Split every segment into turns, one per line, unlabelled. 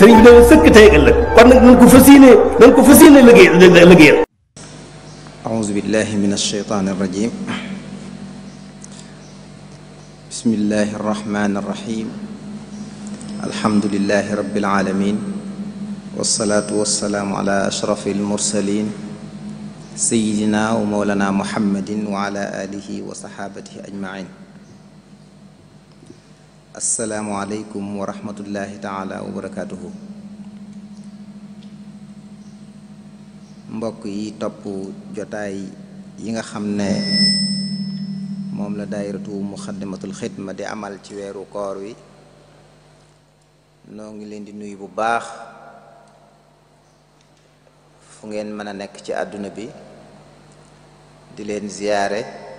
sëriñ bi dana sëkk tey ëllëg kon nag nañ ko fas yéene nañ ko fas yéene liggéey
liggéeyal أعوذ بالله من الشيطان الرجيم بسم الله الرحمن الرحيم الحمد لله رب العالمين والصلاة والسلام على أشرف المرسلين سيدنا ومولانا محمد وعلى آله وصحابته أجمعين asalaamualeykum wa rahmatullahi taala wa barakaatuhu mbokk yi topp jotaay yi nga xam ne moom la daayiratu muxaddamatul xidma di amal ci weeru koor wi noo ngi leen di nuyu bu baax fu ngeen mën a nekk ci àdduna bi di leen ziyaare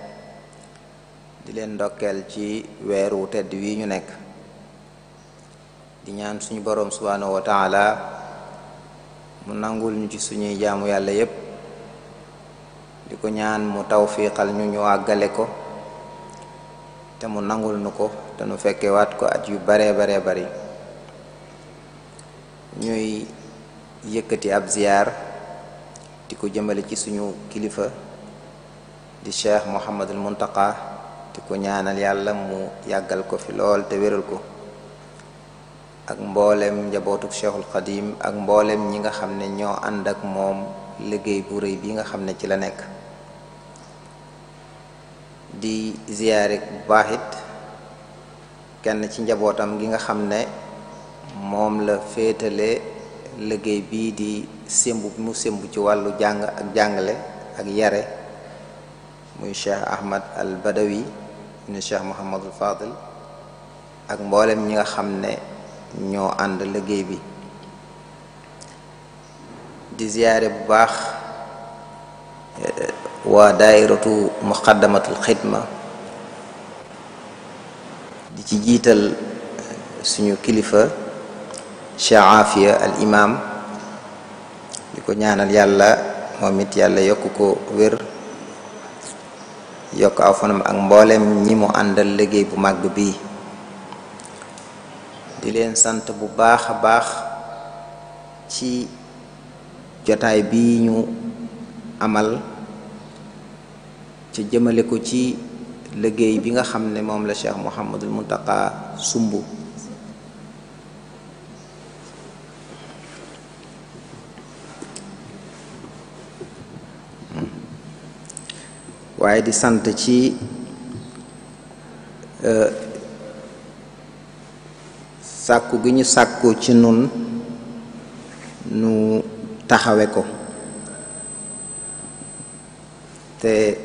di leen ndokkeel ci weer wu tedd wi ñu nekk di ñaan suñu boroom subhaanahu wa taala mu nangul ñu ci suñuy jaamu yàlla yépp di ko ñaan mu tawfiqal ñu ñu àggale ko te mu nangul nu ko te nu fekke waat ko at yu baree baree bari ñuy yëkkati ab ziyaar di ko jëmale ci suñu kilifa di cheikh Muhammadul Muntaqa di ko ñaanal yàlla mu yàggal ko fi lool te wéral ko ak mboolem njabootuk cheikhul xadim ak mbooleem ñi nga xam ne ñoo ànd ak moom liggéey bu rëy bi nga xam ne ci la nekk di ziyaare bu baax kenn ci njabootam gi nga xam ne moom la féetale liggéey bii di sémb bi mu sémb ci wàllu jàng ak jàngale ak yare muy cheikh ahmad al badawi ibnu cheikh Mouhamadul Fadil ak mboolem ñi nga xam ne ñoo ànd liggéey bi di ziyaare bu baax eh, waa daairatu muqaddamatul xidma di ci jiital eh, suñu kilifa cheikh aafiya al imam di ko ñaanal yàlla moom it yàlla yokk ko wér yokk aw fanam ak mboolem ñi mu àndal liggéey bu màgg bi di leen sant bu baax a baax ci jotaay bii ñu amal ca jëmale ko ci liggéey bi nga xam ne moom la Cheikh Mouhamadul Muntaka sumb waaye di sant ci e, sàkku gi ñu sàkku ci nun nu taxawe ko te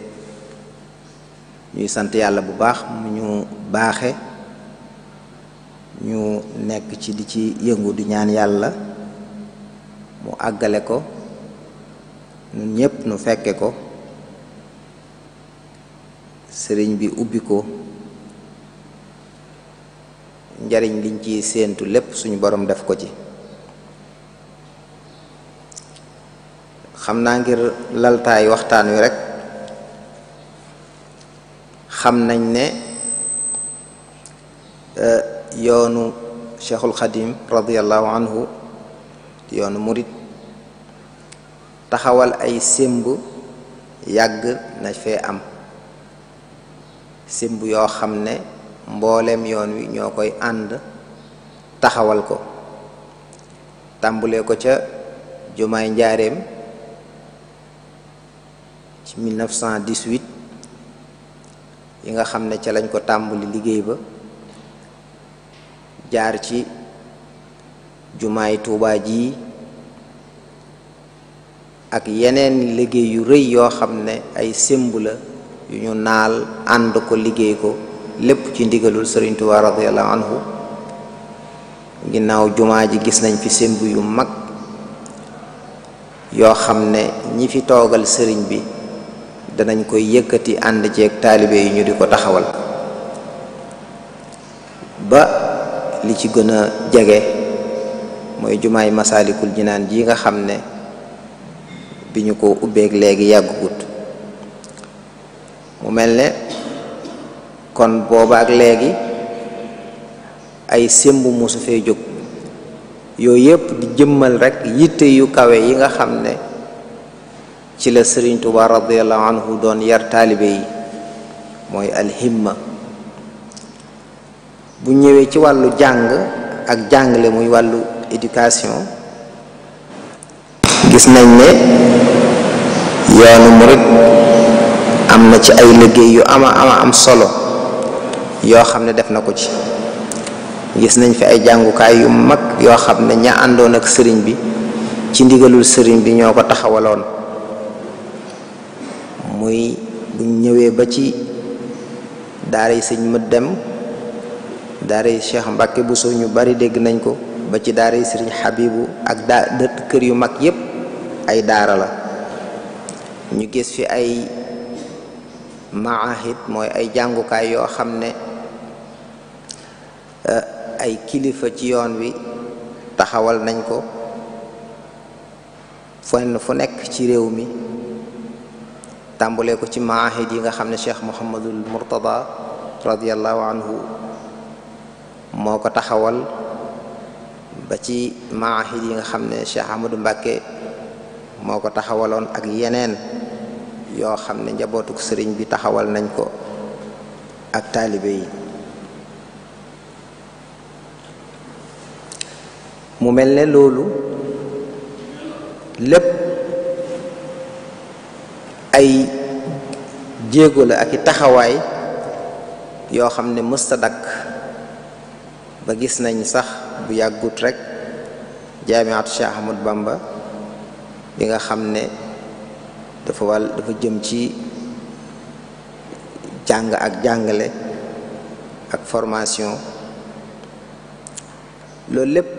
ñuy sant yàlla bu baax mu ñu baaxe ñu nekk ci di ci yëngu di ñaan yàlla mu àggale ko ñun ñépp nu fekke ko sëriñ bi ubbi ko njariñ liñ ciy séentu lépp suñu boroom def ko ci xam naa ngir laltaay waxtaan wi rekk xam nañ ne euh, yoonu cheikhul xadim radiallahu anhu yoonu murit taxawal ay sémb yàgg na fee am simb yoo xam ne mbooleem yoon wi ñoo koy ànd taxawal ko tàmbulee ko ca jumaay njaareem ci 1918 yi nga xam ne ca lañ ko tàmbali liggéey ba jaar ci jumaay tuubaa ji ak yeneen liggéey yu rëy yoo xam ne ay simb la yu ñu naal ànd ko liggéey ko lépp ci ndigalul sëriñ Tuubaa radiyallahu anhu ginnaaw jumaa ji gis nañ fi semb yu mag yoo xam ne ñi fi toogal sëriñ bi danañ koy yëkkati ànd ceeg taalibe yi ñu di ko taxawal ba li ci gën a jege mooy jumaay masaalikul naan ji nga xam ne bi ñu ko ubbeeg léegi yàggugut mel ne kon boobaak léegi ay sémb mosu fee jóg yooyu yëpp di jëmmal rekk yitte yu kawe yi nga xam ne ci la sëriñ tuba radiallahu doon yar taalibe yi mooy alhimma bu ñëwee ci wàllu jàng ak jàngale muy wàllu éducation gis nañ ne yoonu murit am na ci ay liggéey yu ama ama am solo yoo xam ne def na ko ci gis nañ fi ay jàngukaay yu mag yoo xam ne ña àndoon ak sëriñ bi ci ndigalul sëriñ bi ñoo ko taxawaloon muy buñ ñëwee ba ci daara yi sëñ mët dem daara yi Cheikh bu Bousso ñu bari dégg nañ ko ba ci daara yi sëriñ Xabibu ak daa kër yu mag yépp ay daara la ñu gis fi ay maahid mooy ay jàngukaay yoo xam ne eh, ay kilifa ci yoon wi taxawal nañ ko fenn fu nekk ci réew mi tàmbulee ko ci maahid yi nga xam ne cheikh mohamadul murtada radiallahu anhu moo ko taxawal ba ci maahid yi nga xam ne cheikh ahmadou mbàkke moo ko taxawaloon ak yeneen yoo xam ne njabootuk sëriñ bi taxawal nañ ko ak taalibe yi mu mel ne loolu lépp ay jéego la ak i taxawaay yoo xam ne mësta dakk ba gis nañ sax bu yàggut rekk jaamiat Cheikh bàmba Bamba bi nga xam ne dafa wàll dafa jëm ci jàng ak jàngale ak formation loolu lépp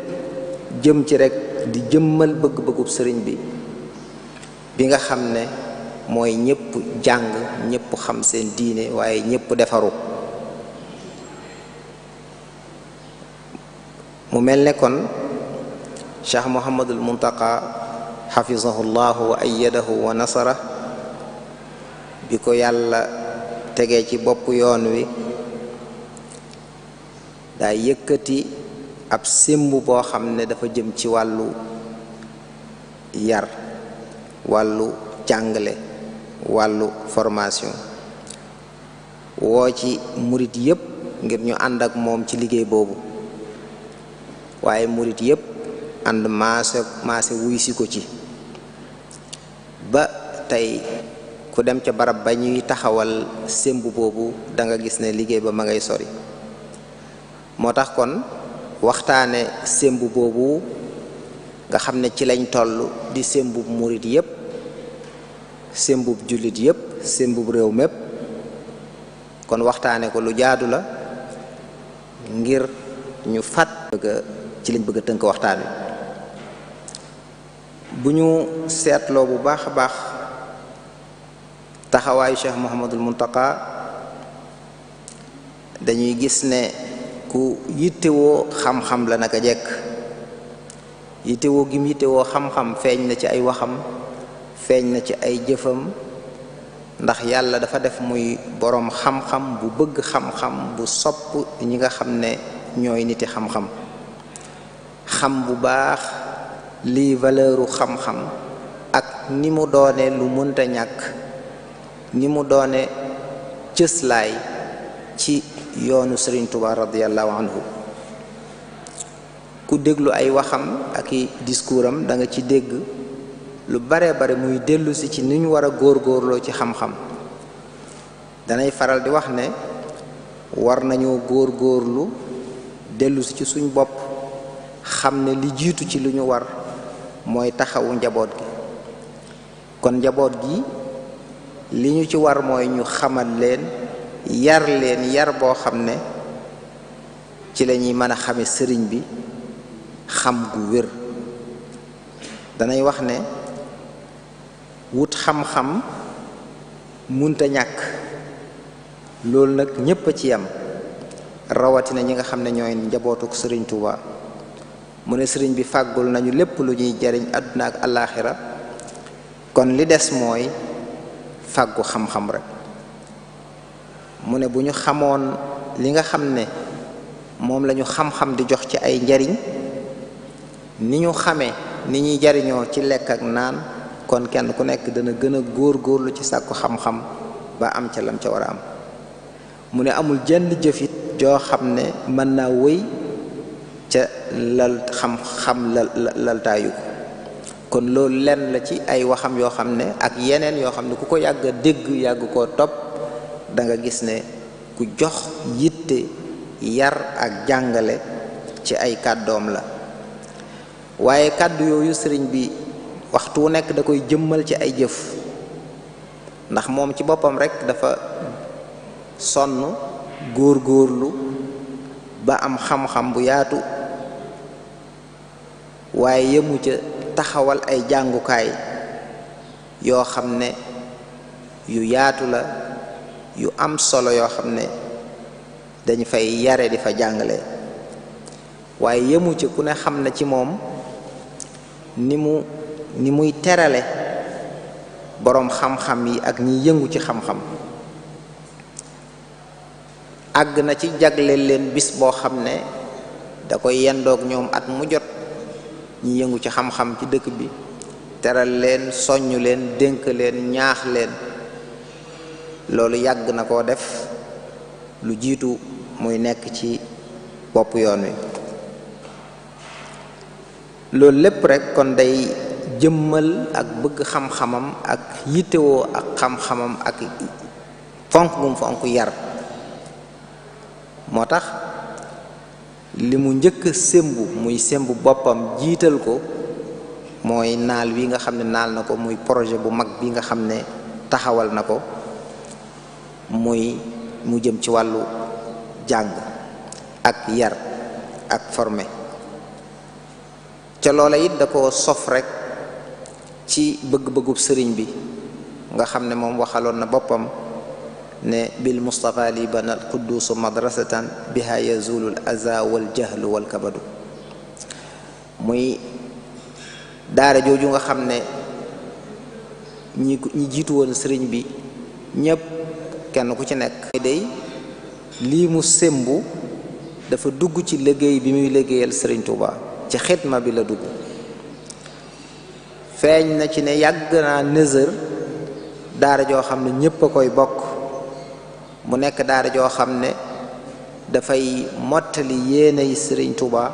jëm ci rekk di jëmmal bëgg-bëggub sëriñ bi bi nga xam ne mooy ñépp jàng ñépp xam seen diine waaye ñépp defaru mu mel ne kon Cheikh Mouhamadul Muntaqa xafisahu llahu ayadahu wa nasara bi ko yàlla tege ci bopp yoon wi daa yëkkati ab sémb boo xam ne dafa jëm ci wàllu yar wàllu jàngale wàllu formation woo ci murit yépp ngir ñu ànd ak moom ci liggéey boobu waaye murit yépp ànd maase maase wuy ko ci ba tey ku dem ca barab ba ñuy taxawal sémb boobu danga gis ne liggéey ba ma ngay sori moo tax kon waxtaane sémb boobu nga xam ne ci lañ toll di sémbub murit yépp sémbub jullit yépp sémbub réew mépp kon waxtaane ko lu jaadu la ngir ñu fàtt bëgg ci lañ bëgg a tënk waxtaan wi bu ñu seetloo bu baax a baax taxawaayu cheikh mohamadul muntaka dañuy gis ne ku yittewoo xam-xam la naka jekk yittewoo gim yittewoo xam-xam feeñ na ci ay waxam feeñ na ci ay jëfam ndax yàlla dafa def muy boroom xam-xam bu bëgg xam-xam bu sopp ñi nga xam ne ñooy niti xam-xam xam bu baax lii valeuru xam-xam ak ni mu doone lu mënta ñàkk ni mu doone cëslaay ci yoonu Sëriñ Tuubaa radiyallahu anhu ku déglu ay waxam ak i discours am da ci dégg lu bare bare muy dellusi ci ni ñu war a góorloo ci xam-xam danay faral di wax ne war nañu góor góorlu dellusi ci suñ bopp xam ne li jiitu ci lu ñu war mooy taxawu njaboot gi kon njaboot gi li ñu ci war mooy ñu xamal leen yar leen yar boo xam ne ci lañuy mën a xame sëriñ bi xam gu wér danay wax ne wut xam-xam munta ñàkk loolu nag ñépp ci yam rawatina ñi nga xam ne ñooy njabootuk sëriñ Tuuba mu ne sëriñ bi fàggul nañu lépp lu ñuy jariñ àdduna ak àllaaxira kon li des mooy fàggu xam-xam rek mu ne bu ñu xamoon li nga xam ne moom lañu xam-xam di jox ci ay njariñ ni ñu xamee ni ñuy jariñoo ci lekk ak naan kon kenn ku nekk dana gën a góor-góorlu ci sàkku xam-xam ba am ca lam ca war a am mu ne amul jenn jëfit joo xam ne mën naa wéy ca lal laltaayu ko kon loolu lenn la ci ay waxam yoo xam ne ak yeneen yoo xam ne ku ko yàgg dégg yàgg koo topp danga gis ne ku jox yitte yar ak jàngale ci ay kàddoom la waaye kàddu yooyu sëriñ bi waxtu wu nekk da koy jëmmal ci ay jëf ndax moom ci boppam rekk dafa sonn góor góorlu ba am xam-xam bu yaatu waaye yëmu ca taxawal ay jàngukaay yoo xam ne yu yaatu la yu am solo yoo xam ne dañu fay yare di fa jàngale waaye yëmu ci ku ne xam na ci moom ni mu ni muy terale boroom xam-xam yi ak ñi yëngu ci xam-xam àgg na ci jagleel leen bis boo xam ne da koy yendoog ñoom at mu jot ñi yëngu ci xam-xam ci dëkk bi teral leen soññ leen dénk leen ñaax leen loolu yàgg na koo def lu jiitu muy nekk ci bopp yoon wi loolu lépp rekk kon day jëmmal ak bëgg xam-xamam ak yittewoo ak xam-xamam ak fonk gum fonk yar moo tax li mu njëkk a muy sembu boppam jiital ko mooy naal wi nga xam ne naal na ko muy projet bu mag bi nga xam ne taxawal na ko muy mu jëm ci wàllu jàng ak yar ak formé ca loola it da ko sof rekk ci bëgg-bëggub sëriñ bi nga xam ne moom waxaloon na boppam ne bil mustapha li banal qudduusu madrasatan biha yazulu l aza wal jahlu wal kabadu muy daara jooju nga xam ne ñi ñi jiitu woon sëriñ bi ñépp kenn ku ci nekk day lii mu sémbu dafa dugg ci liggéey bi muy liggéeyal sëriñ Tuuba ci xidma bi la dugg feeñ na ci ne yàgg naa nëzër daara joo xam ne ñépp a koy bokk mu nekk daara joo xam ne dafay mottali yéenay sëriñ Tuuba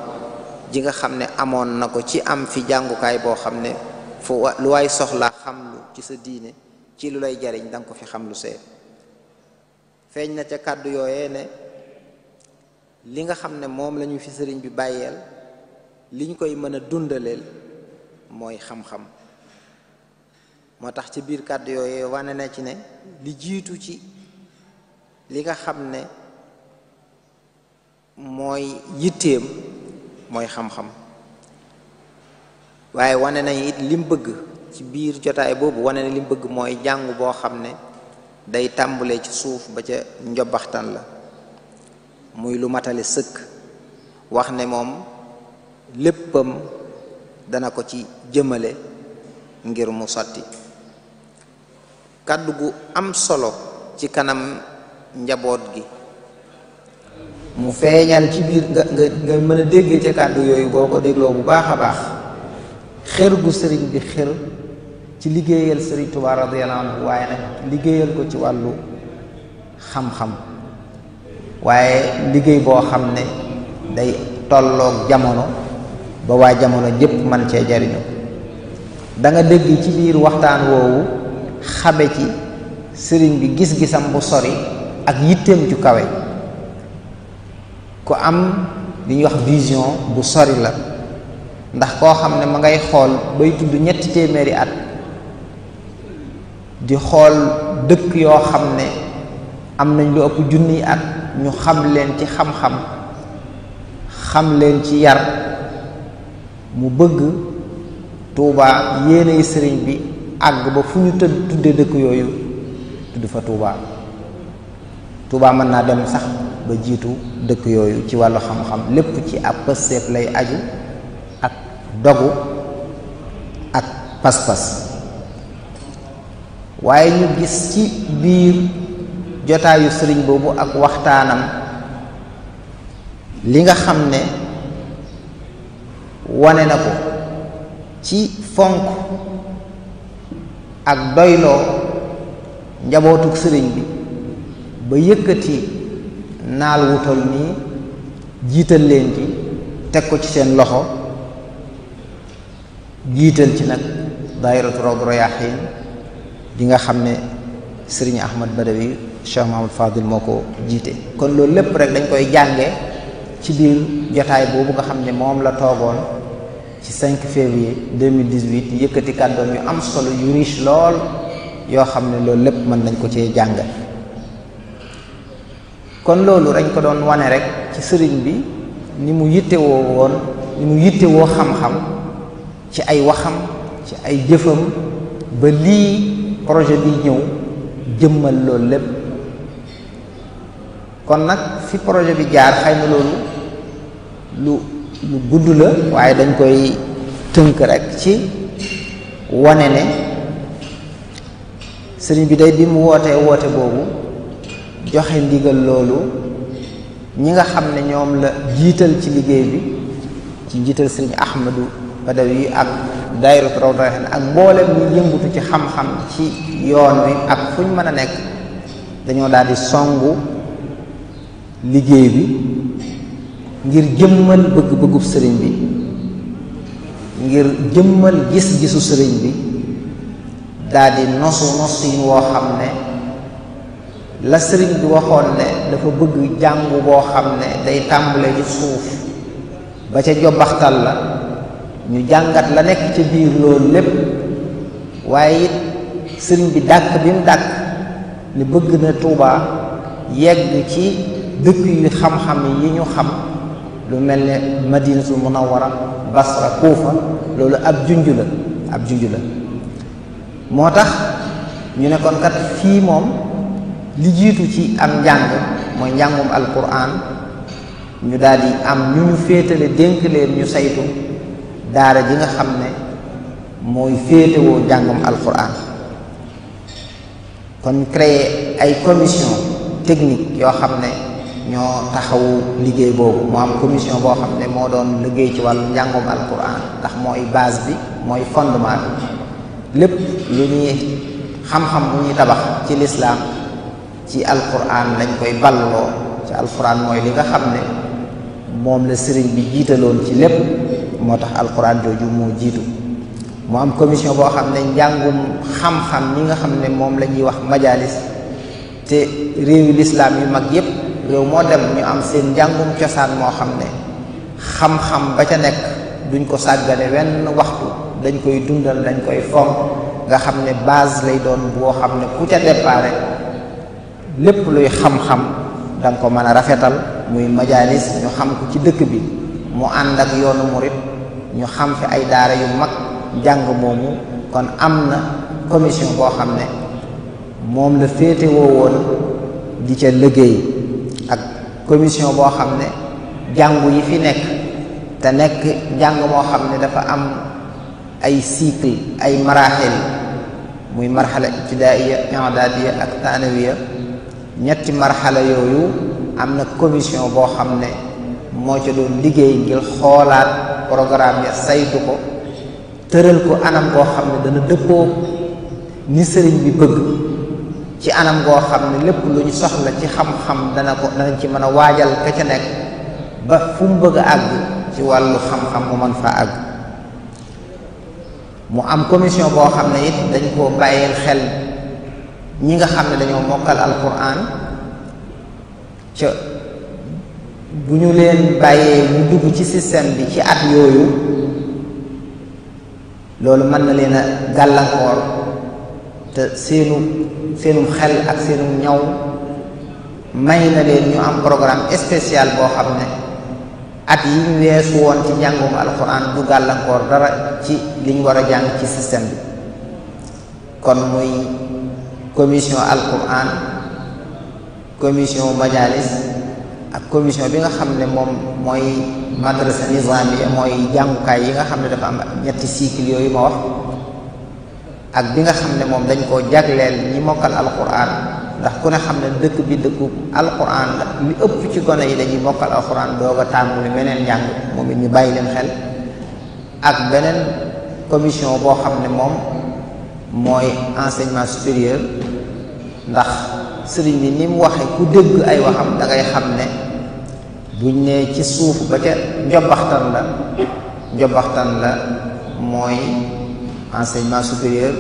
ji nga xam ne amoon na ko ci am fi jàngukaay boo xam ne fu lu waay soxla xamlu ci sa diine ci lu lay jariñ danga ko fi xamlu see feeñ na ca kàddu yooyee ne li nga xam ne moom lañu fi sëriñ bi bàyyeel liñ koy mën a dundaleel mooy xam-xam moo tax ci biir kàddu yooyee wane na ci ne li jiitu ci li nga xam ne mooy yitteem mooy xam-xam waaye wane na it lim bëgg ci biir jotaay boobu wane na lim bëgg mooy jàngu boo xam ne day tàmbulee ci suuf ba ca njobaxtan la muy lu matale sëkk wax ne moom léppam dana ko ci jëmale ngir mu sotti kàddu gu am solo ci kanam njaboot gi mu feeñal ci biir nga nga nga mën a dégg ca kàddu yooyu boo ko dégloo bu baax a baax xër gu sëriñ bi xër ci liggéeyal sëriñ Tuubaa radiyallaahu anhu waaye nag liggéeyal ko ci wàllu xam-xam waaye liggéey boo xam ne day tolloog jamono ba waa jamono jëpp man cee jariñu danga dégg ci biir waxtaan woowu xabe ci sëriñ bi gis-gisam bu sori ak yitteem ju kawe ku am li ñuy wax vision bu sori la ndax koo xam ne ma ngay xool bay tudd ñetti téeméeri at di xool dëkk yoo xam ne am nañ lu ëpp junniy at ñu xam leen ci xam-xam xam leen ci yar mu bëgg tuubaa yéenay sëriñ bi àgg ba fu ñu tëdd tudde dëkk yooyu tudd fa tuubaa Touba mën naa dem sax ba jiitu dëkk yooyu ci wàllu xam-xam lépp ci ab pësteef lay aju ak dogu ak pas-pas waaye ñu gis ci biir jotaayu sëriñ boobu ak waxtaanam li nga xam ne wone na ko ci fonk ak doyloo njabootuk sëriñ bi ba yëkkati naal wutal nii jiital leen ci teg ko ci seen loxo jiital ci nag daayiratu Rawdu Rayaahiin di nga xam ne sëriñ Ahmad Badawi Cheikh Mahamad Fadil moo ko jiite kon loolu lépp rek dañ koy jànge ci biir jotaay boobu nga xam ne moom la toogoon ci 5 février 2018 yëkkati kàddoom yu am solo yu riche lool yoo xam ne loolu lépp mën nañ ko cee jàng kon loolu dañ ko doon wane rek ci sëriñ bi ni mu yittewoo woon ni mu yittewoo xam-xam ci ay waxam ci ay jëfam ba lii projet bi ñëw jëmmal loolu lépp kon nag fi projet bi jaar xëy na loolu lu lu gudd la waaye dañ koy tënk rek ci wane ne sëriñ bi day bi mu wootee woote boobu joxe ndigal loolu ñi nga xam ne ñoom la jiital ci liggéey bi ci jiital sëriñ Ahmadu Badawi ak daayiratu Rawdaan ak mboolem ñi yëngutu ci xam-xam ci yoon wi ak fuñ mën a nekk dañoo daal di songu liggéey bi ngir jëmmal bëgg-bëggub sëriñ bi ngir jëmmal gis-gisu sëriñ bi daal di nosu yi woo xam ne la sëriñ bi waxoon ne dafa bëgg jàngu boo xam ne day tàmbale ci suuf ba ca jobbaxtal la ñu jàngat la nekk ca biir loolu lépp waaye it sëriñ bi dàkk bi mu dàkk ni bëgg na tuubaa yegg ci dëkk yu xam-xam yi ñu xam lu mel ne madinatul munawwara basra kuufa loolu ab junj la ab junj la moo tax ñu ne kat fii moom li jiitu ci am njàng mooy njàngum alquran ñu daal am ñu féetale dénk leen ñu saytu daara ji nga xam ne mooy féetewoo njàngum alquran kon créer ay commission technique yoo xam ne ñoo taxawu liggéey boobu moo am commission boo xam ne moo doon liggéey ci wàll njàngum alquran ndax mooy base bi mooy fondement bi lépp lu ñuy xam-xam bu ñuy tabax ci lislaam ci alquran lañ koy balloo ci alquran mooy li nga xam ne moom la sëriñ bi jiitaloon ci lépp moo tax alquran jooju moo jiitu mu am commission boo xam ne njàngum xam-xam ñi nga xam ne moom la ñuy wax majalis te réewi lislaam yu mag yépp réew moo dem ñu am seen njàngum cosaan moo xam ne xam ba ca nekk duñ ko sàggale wenn waxtu dañ koy dundal dañ koy fonk nga xam ne base lay doon boo xam ne ku ca déparé lépp luy xam-xam da ko mën a rafetal muy majaalis ñu xam ko ci dëkk bi mu ànd ak yoonu murit ñu xam fi ay daara yu mag jàng moomu kon am na commission boo xam ne moom la féete woo woon di ca liggéey ak commission boo xam ne jàngu yi fi nekk te nekk njàng moo xam ne dafa am ay cycle ay maraaxil muy marxala ibtidaaiya i'daadiya ak taanawiya ñetti marxala yooyu am na commission boo xam ne moo ca doon liggéey ngir xoolaat programme ya saytu ko tëral ko anam goo xam ne dana dëppoo ni sëriñ bi bëgg ci anam goo xam ne lépp lu ñu soxla ci xam-xam dana ko danañ ci mën a waajal ka ca nekk ba fu mu bëgg a àgg ci wàllu xam-xam mu mën faa àgg mu am commission boo xam ne it dañ koo bàyyil xel ñi nga xam ne dañoo mokkal alquran ca bu ñu leen bàyyee ñu dugg ci système bi ci at yooyu loolu mën na leen gàllankoor te seenu seenum xel ak seenum ñaw may na leen ñu am programme spécial boo xam ne at yi ñu weesu woon ci njàngum alxuraan du gàllankoor dara ci liñ war a jàng ci système bi kon muy commission alquran commission majalis ak commission bi nga xam ne moom mooy madrasa nizamiya mooy jàngukaay yi nga xam ne dafa am ñetti cycle yooyu ma wax ak bi nga xam ne moom dañ koo jagleel ñi mokkal alquran ndax ku ne xam ne dëkk bi dëkku alquran la li ëpp ci gone yi dañuy mokkal alquran doog a tàmbali meneen njàng moom it ñu bàyyi leen xel ak beneen commission boo xam ne moom mooy enseignement supérieur ndax sëriñ bi ni mu waxee ku dégg ay waxam da xam ne buñ nee ci suuf ba ca njobbaxtan la njobbaxtan la mooy enseignement supérieur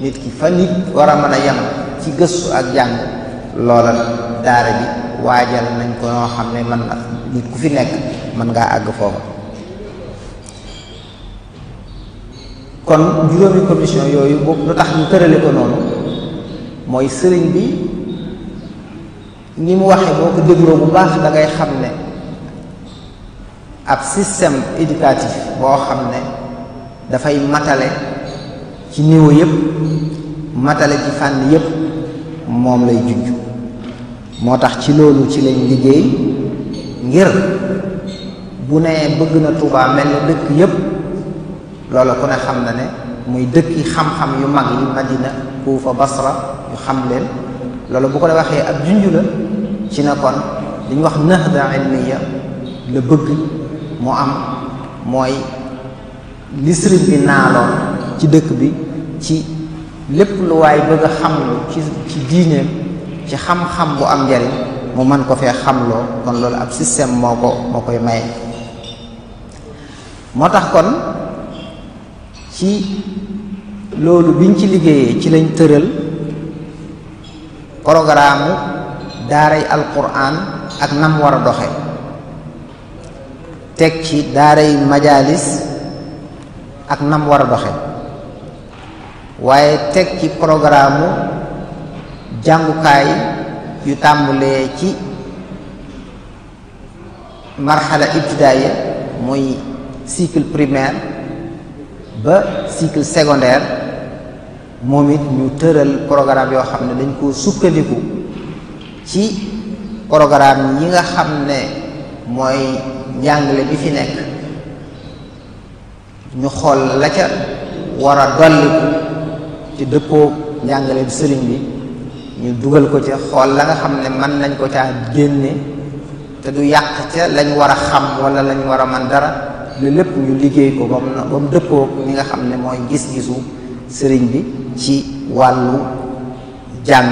nit ki fa nit war a mën a yem ci gëstu ak jàng loola daara bi waajal nañ ko noo xam ne man nit ku fi nekk mën ngaa àgg foofu kon juróomi commission yooyu boobu lu tax mu tërale ko noonu mooy sëriñ bi ni mu waxee boo ko dégloo bu baax da ngay xam ne ab système éducatif boo xam ne dafay matale ci niveau yëpp matale ci fànn yëpp moom lay junj moo tax ci loolu ci lañ liggéey ngir bu ne bëgg na Tuubaa mel na dëkk yëpp loola ku ne xam na ne muy dëkki xam-xam yu mag yi Madina Kuufa Basra yu xam leen loolu bu ko waxee ab junju ci ne kon li ñu wax nahda ilmiya la bëgg mu am mooy li sëriñ bi naaloon ci dëkk bi ci lépp lu waay bëgg xamlu ci ci diineem ci xam-xam bu am njariñ mu mën ko fee xamloo kon loolu ab système moo ko moo koy maye moo tax kon ci loolu biñ ci liggéeyee ci lañ tëral programme daaray alquran ak nam war a doxe teg ci daaray majalis ak nam war a doxe waaye teg ci programme jàngukaay yu tàmbulee ci marxala ibtidaaya muy cycle primaire ba cycle secondaire moom it ñu tëral programme yoo xam ne dañ koo sukkandiku ci programme yi nga xam ne mooy njàngale bi fi nekk ñu xool la ca war a dolliku ci dëppoo njàngale bi sëriñ bi ñu dugal ko ca xool la nga xam ne mën nañ ko ca génne te du yàq ca lañ war a xam wala lañ war a mën dara lépp ñu liggéey ko ba mu na ba mu dëppoo ñi nga xam ne mooy gis-gisu sëriñ bi ci wàllu jàng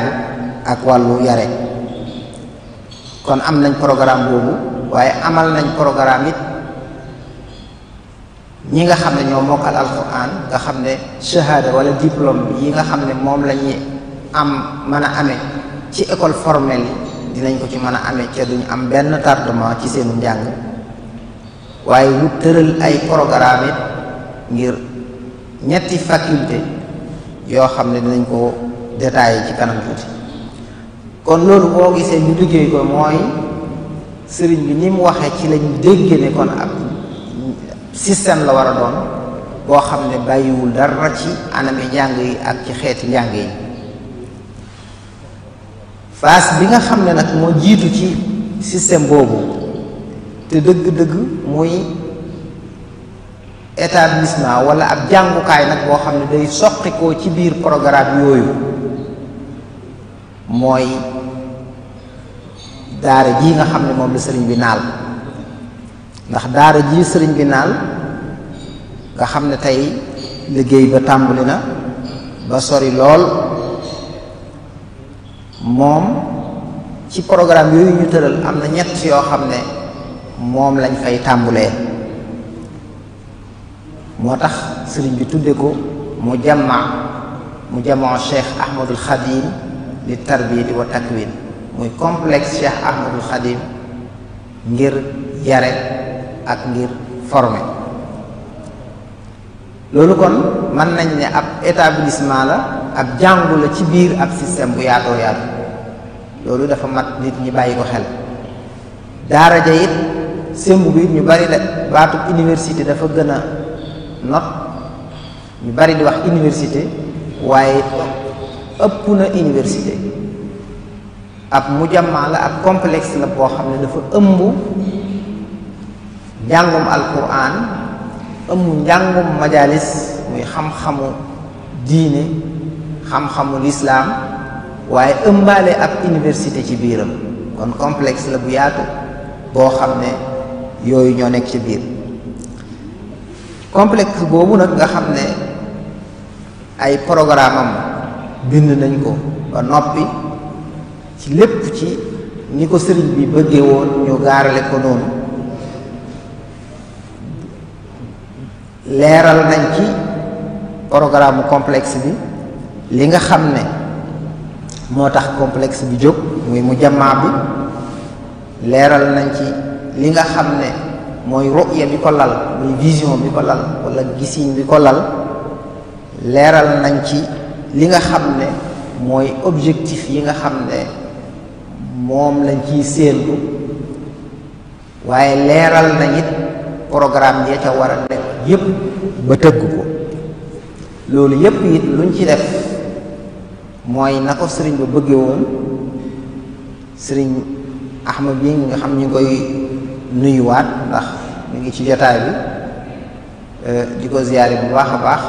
ak wàllu yare kon am nañ programme boobu waaye amal nañ programme it ñi nga xam ne ñoo mokkal alquran nga xam ne shahada wala diplôme bi yi nga xam ne moom la am mën a ame ci école formelle yi dinañ ko ci mën a amee ca duñ am benn tardement ci seenu njàng waaye wut tëral ay programme ngir ñetti faculté yoo xam ne dinañ ko détaillé ci kanam tuuti kon loolu boo gisee ñu liggéey ko mooy sëriñ bi ni mu waxee ci lañu dégg ne kon ab système la war a doon boo xam ne bàyyiwul dara ci anami njàng yi ak ci xeeti njàng yi phase bi nga xam ne nag moo jiitu ci système boobu te dëgg-dëgg muy établissement wala ab jàngukaay nag boo xam ne day soqikoo ci biir programme yooyu mooy daara jii nga xam ne moom la sëriñ bi naal ndax daara jii sëriñ bi naal nga xam ne tey liggéey ba tàmbali na ba sori lool moom ci programme yooyu ñu tëral am na ñett yoo xam ne moom lañ fay tàmbulee moo tax sëriñ bi tudde ko mu jamma mu jamoo cheikh ahmadul xadim li tarbiyati wa takwin muy complexe cheikh ahmadul xadim ngir yare ak ngir former loolu kon mën nañ ne ab établissement la ab jàngula ci biir ab système bu yaatoo yaatu loolu dafa mat nit ñi bàyyi ko xel daara ja semb bi ñu bari la baatub université dafa gën a not ñu bari di wax université waaye ëpp na université ab mujamma la ab complexe la boo xam ne dafa ëmb njàngum alquran ëmb njàngum majalis muy xam-xamu diine xam-xamu lislaam waaye ëmbaale ab université ci biiram kon complexe la bu yaatu boo xam ne yooyu ñoo nekk ci biir complex boobu nag nga xam ne ay programme am bind nañ ko ba noppi ci lépp ci ni ko sëriñ bi bëggee woon ñu gaarale ko noonu leeral nañ ci programme complex bi li nga xam ne moo tax complexe bi jóg muy mu jamaa bi leeral nañ ci li nga xam ne mooy ruya bi ko lal muy vision bi ko lal wala gisiin bi ko lal leeral nañ ci li nga xam ne mooy objectif yi nga xam ne moom lañ ciy séentu waaye leeral nañ it programme ya ca war a nekk yépp ba tëgg ko loolu yépp it luñ ci def mooy na ko sëriñ ba bëggee woon sëriñ Ahmad bi nga xam ñu koy nuyuwaat ndax mu ngi ci jotaay bi eh, di ko ziyaare bu baax a baax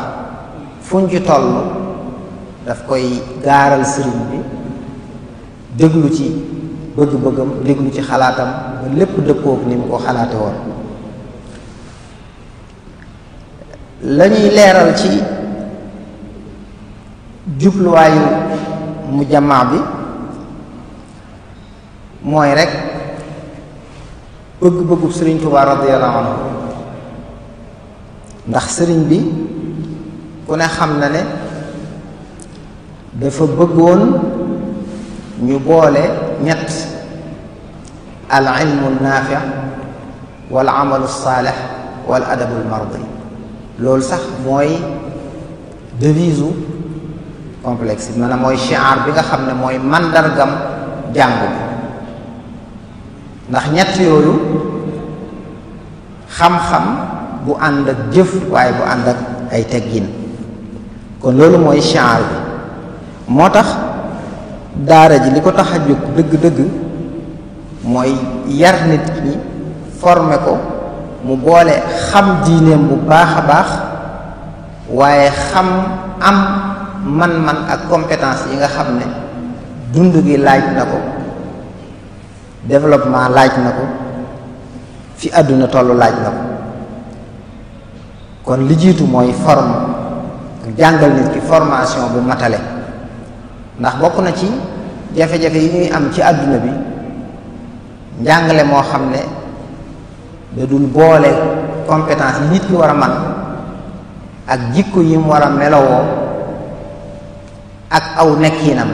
fuñ ci toll koy gaaral sëriñ bi déglu ci bëgg-bëggam déglu ci xalaatam ba lépp dëppoog ni mu ko xalaate woon lañuy leeral ci jubluwaayu mu jamaa bi mooy rekk bëgg-bëggub sëriñ Tuubaa radiyallaahu anhu ndax sëriñ bi ku ne xam na ne dafa bëggoon ñu boole ñett al ilmu naafi wal amalu saalix wal adabul mardi loolu sax mooy devise complexe bi maanaam mooy shiar bi nga xam ne mooy màndargam jàng bi ndax ñett yooyu xam-xam bu ànd ak jëf waaye bu ànd ak ay teggin kon loolu mooy chaar bi moo tax daara ji li ko tax a jóg dëgg-dëgg mooy yar nit ñi former ko mu boole xam diineem bu baax a baax waaye xam am man-man ak compétence yi nga xam ne dund gi laaj na ko développement laaj na ko fi àdduna tollu laaj na ko kon li jiitu mooy forme ak jàngal nit ki formation bu matale ndax bokk na ci jafe-jafe yi ñuy am ci àdduna bi njàngale moo xam ne da dul boole compétence yi nit ki war a man ak jikko yi mu war a melowoo ak aw nekk nekkinam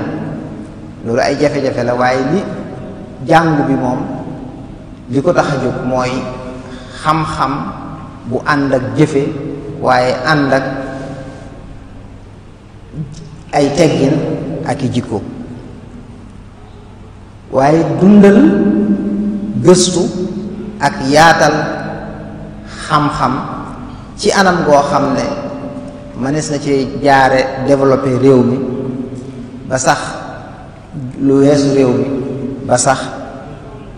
loolu ay jafe-jafe la waaye li jàng bi moom li ko tax a jóg mooy xam-xam bu ànd ak jëfe waaye ànd ak ay teggin ak i jikko waaye dundal gëstu ak yaatal xam-xam ci anam goo xam ne mënees na ci jaare développer réew mi ba sax lu weesu réew mi ba sax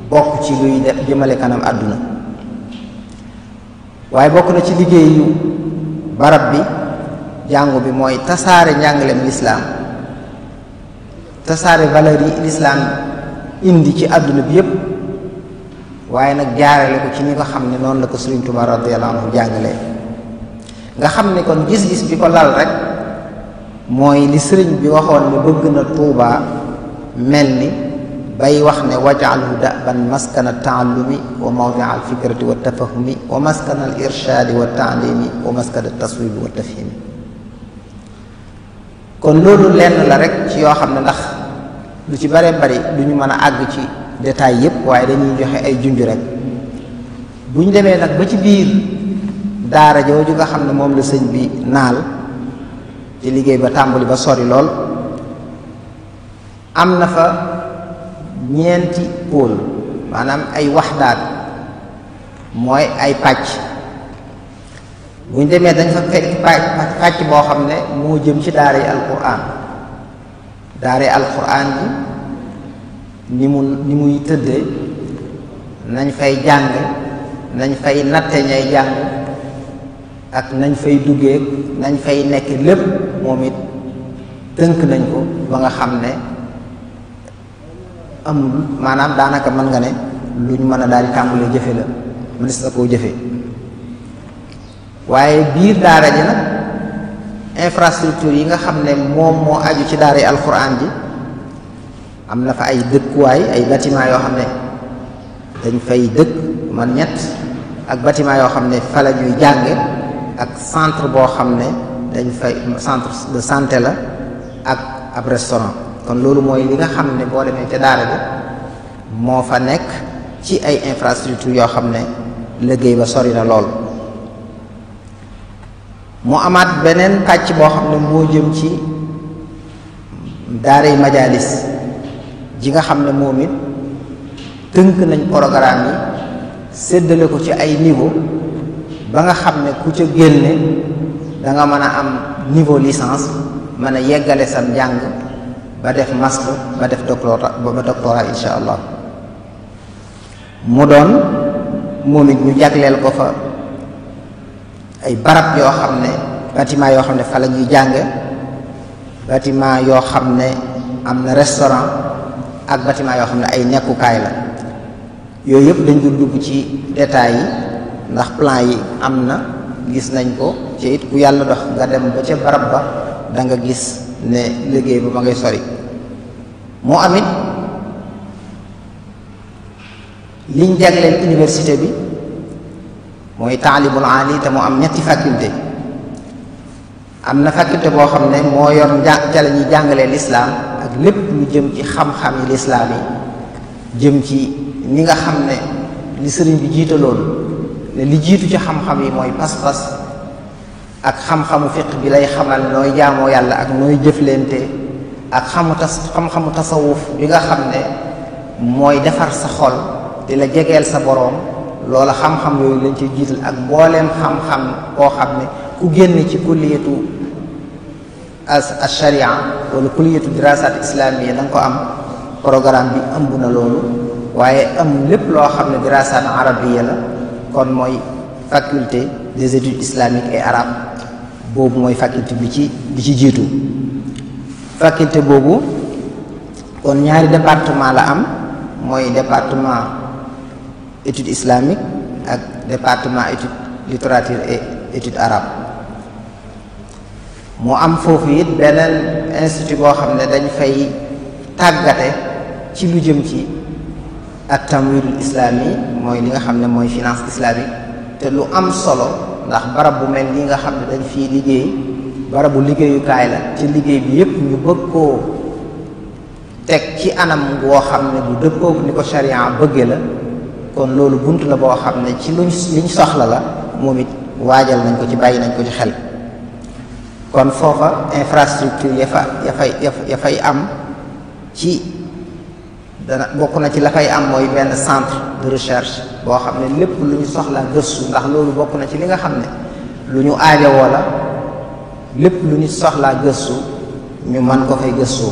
bokk ci luy jëmale kanam àdduna waaye bokk na ci liggéeyu barab bi jàngu bi mooy tasaare njàngaleem lislaam tasaare valeur yi lislaam indi ci àdduna bi yépp waaye nag jaarale ko ci ñi nga xam ne noonu la ko Sëriñ Tuubaa radiyallaahu anhu jàngalee nga xam ne kon gis-gis bi ko lal rek mooy li sëriñ bi waxoon ne bëgg na Tuubaa mel ni bay wax ne wajaalhu daban maskana taallumi wa mawdia alfikrati wa tafahumi wa maskana al irshaadi wa taalimi wa maskana taswibi wa tafhimi kon loolu lenn la rek ci yoo xam ne ndax lu ci baree bari du ñu mën a àgg ci détail yépp waaye dañuy joxe ay junj rek bu ñu demee nag ba ci biir daara jooju nga xam ne moom la sëñ bi naal ci liggéey ba tàmbali ba sori lool am na fa ñeenti pôle maanaam ay waxdaat mooy ay pàcc bu ñu demee dañ fa fekk pàcc boo xam ne moo jëm ci daara yi alquran daara ji ni mu ni muy tëddee nañ fay jàng nañ fay natte ñay jàng ak nañ fay duggee nañ fay nekk lépp moom it dënk nañ ko ba nga xam ne amul maanaam daanaka mën nga ne luñ mën a daal di tàmbalee jëfe la mënees na koo jëfe waaye biir daara ji nag infrastructure yi nga xam ne moom moo aju ci daara yi alquran ji am na fa ay dëkkuwaay ay bâtiment yoo xam ne dañ fay dëkk man ñett ak batiment yoo xam ne fala la ñuy jànge ak centre boo xam ne dañ fay centre de santé la ak ab restaurant kon loolu mooy li nga xam ne boo demee ca daara bi moo fa nekk ci ay infrastructure yoo xam ne liggéey ba sori na lool mu amaat beneen pàcc boo xam ne moo jëm ci daaray majalis ji nga xam ne moom it tënk nañ programme yi séddale ko ci ay niveau ba nga xam ne ku ca génne da nga mën a am niveau lisance mën a yeggale sam njàng ba def master ba def doctorat ba doctorat incha allah mu doon moom it ñu jagleel ko fa ay barab yoo xam ne bâtiment yoo xam ne fa la ñuy jàng bâtiment yoo xam ne am na restaurant ak bâtiment yoo xam ne ay nekkukaay la yooyu yëpp dañ dul dugg ci détails yi ndax plan yi am na gis nañ ko ci it ku yàlla dox nga dem ba ca barab ba da nga gis ne liggéey ba ma ngay sori moo am it liñ jagleel université bi mooy taalimul aali te moo am ñetti faculté am na faculté boo xam ne moo yor nja jale ñuy jàngalee lislaam ak lépp mu jëm ci xam-xam yi lislaam yi jëm ci ñi nga xam ne li sëriñ bi jiita loolu ne li jiitu ci xam-xam yi mooy pas-pas ak xam-xamu fiq bi lay xamal nooy jaamoo yàlla ak nooy jëflante ak xamu tas xam-xamu tasawuf bi nga xam ne mooy defar sa xol di la jegeel sa boroom loola xam-xam yooyu lañ ciy jiital ak mbooleem xam-xam koo xam ne ku génn ci kulliyatu as sharia wala kulliyatu dirasat islamiyya da nga ko am programme bi ëmb na loolu waaye am lépp loo xam ne dirasat arabiyya la kon mooy faculté des études islamiques et arabes boobu mooy faculté bi ci bi ci jiitu faculté boobu kon ñaari département la am mooy département étude islamique ak département étude littérature et étude arab moo am foofu it beneen institut boo xam ne dañ fay tàggate ci lu jëm ci ak tamwirul islami mooy li nga xam ne mooy finance islamique te lu am solo ndax barab bu mel ni nga xam ne dañ fiy liggéey barabu liggéeyukaay la ci liggéey bi yépp ñu bëgg koo teg ci anam woo xam ne bu dëppoog ni ko sharia bëgge la kon loolu bunt la boo xam ne ci luñ liñ soxla la moom it waajal nañ ko ci bàyyi nañ ko ci xel kon foofa infrastructure ya fa ya fay ya fay am ci dana bokk na ci la fay am mooy benn centre de recherche boo xam ne lépp lu ñu soxla gëstu ndax loolu bokk na ci li nga xam ne lu ñu aajowoo la lépp lu nit soxlaa gëstu ñu man ko fay gëstu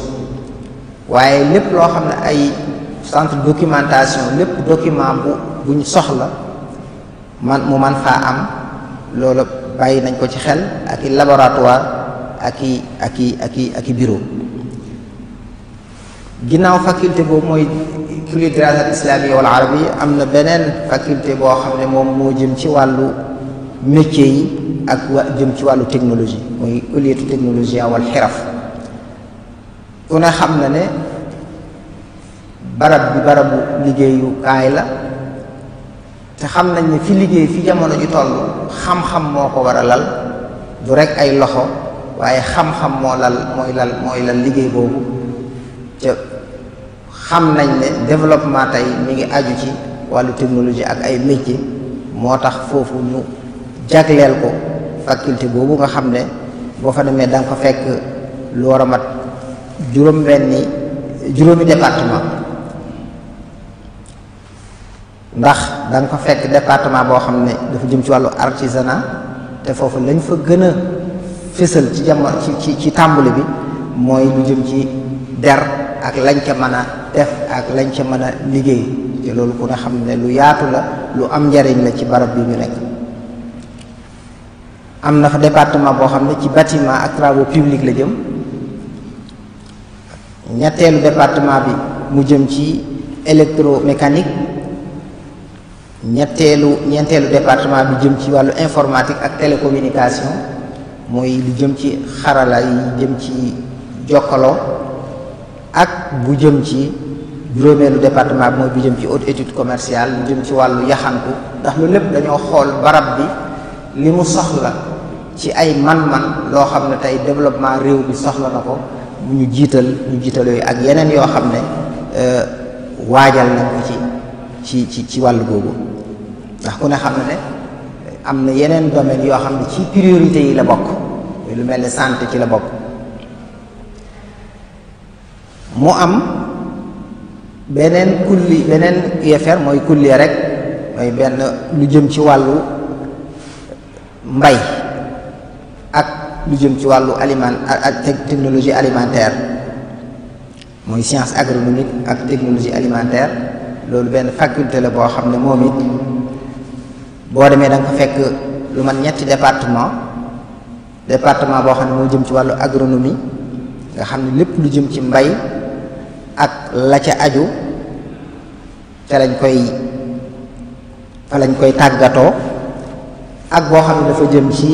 waaye lépp loo xam ne ay centre documentation lépp document bu bu ñu soxla man mu man faa am loolu bàyyi nañ ko ci xel ak i laboratoire ak i ak i ak i ak i bureau ginnaaw faculté boobu mooy kulli dirasat islamiyya wal arabiyya am na beneen faculté boo xam ne moom moo jëm ci wàllu métiers yi ak wa jëm ci wàllu technologie mooy uliyetu technologie wal xiraf ku ne xam na ne barab bi barabu liggéeyukaay la te xam nañ ne fi liggéey fi jamono ji toll xam-xam moo ko war a lal du rekk ay loxo waaye xam-xam moo lal mooy lal mooy lal liggéey boobu ca xam nañ ne développement tey mu ngi aju ci wàllu technologie ak ay métier moo tax foofu ñu jagleel ko faculté boobu nga xam ne boo fa demee da nga fa fekk lu war a mat juróom-benni juróomi département ndax da nga fa fekk departement boo xam ne dafa jëm ci wàllu artisanat te foofu lañ fa gën a fësal ci jamono ci ci ci bi mooy lu jëm ci der ak lañ ca mën a def ak lañ ca mën a liggéey te loolu ko nga xam ne lu yaatu la lu am njariñ la ci barab bi ñu nekk am na fa département boo xam ne ci batiment ak travaux publics la jëm ñetteelu département bi mu jëm ci électromécanique ñetteelu ñeenteelu département bi jëm ci wàllu informatique ak télécommunication mooy lu jëm ci xarala yi jëm ci jokkaloo ak bu jëm ci juróomeelu département bi mooy bu jëm ci haute étude commerciale lu jëm ci wàllu yaxantu ndax lu lépp dañoo xool barab bi li mu soxla ci ay man-man loo xam ne tey développement réew bi soxla na ko mu ñu jiital ñu jiital yooyu ak yeneen yoo xam ne euh, waajal na ko ci ci ci ci wàllu googu ndax ku ne xam ne euh, am na yeneen domaine yoo xam ne ci priorité yi la bokk lu mel ni santé ci la bokk mu am beneen kulli beneen UFR mooy kulli rek mooy benn lu jëm ci wàllu mbay ak lu jëm ci wàllu aliment ak technologie alimentaire mooy science agronomique ak technologie alimentaire loolu benn faculté la boo xam ne moom it boo demee da fa fekk lu man ñetti département département boo xam ne moo jëm ci wàllu agronomie nga xam ne lépp lu jëm ci mbay ak la ca aju te lañ koy fa lañ koy tàggatoo ak boo xam ne dafa jëm ci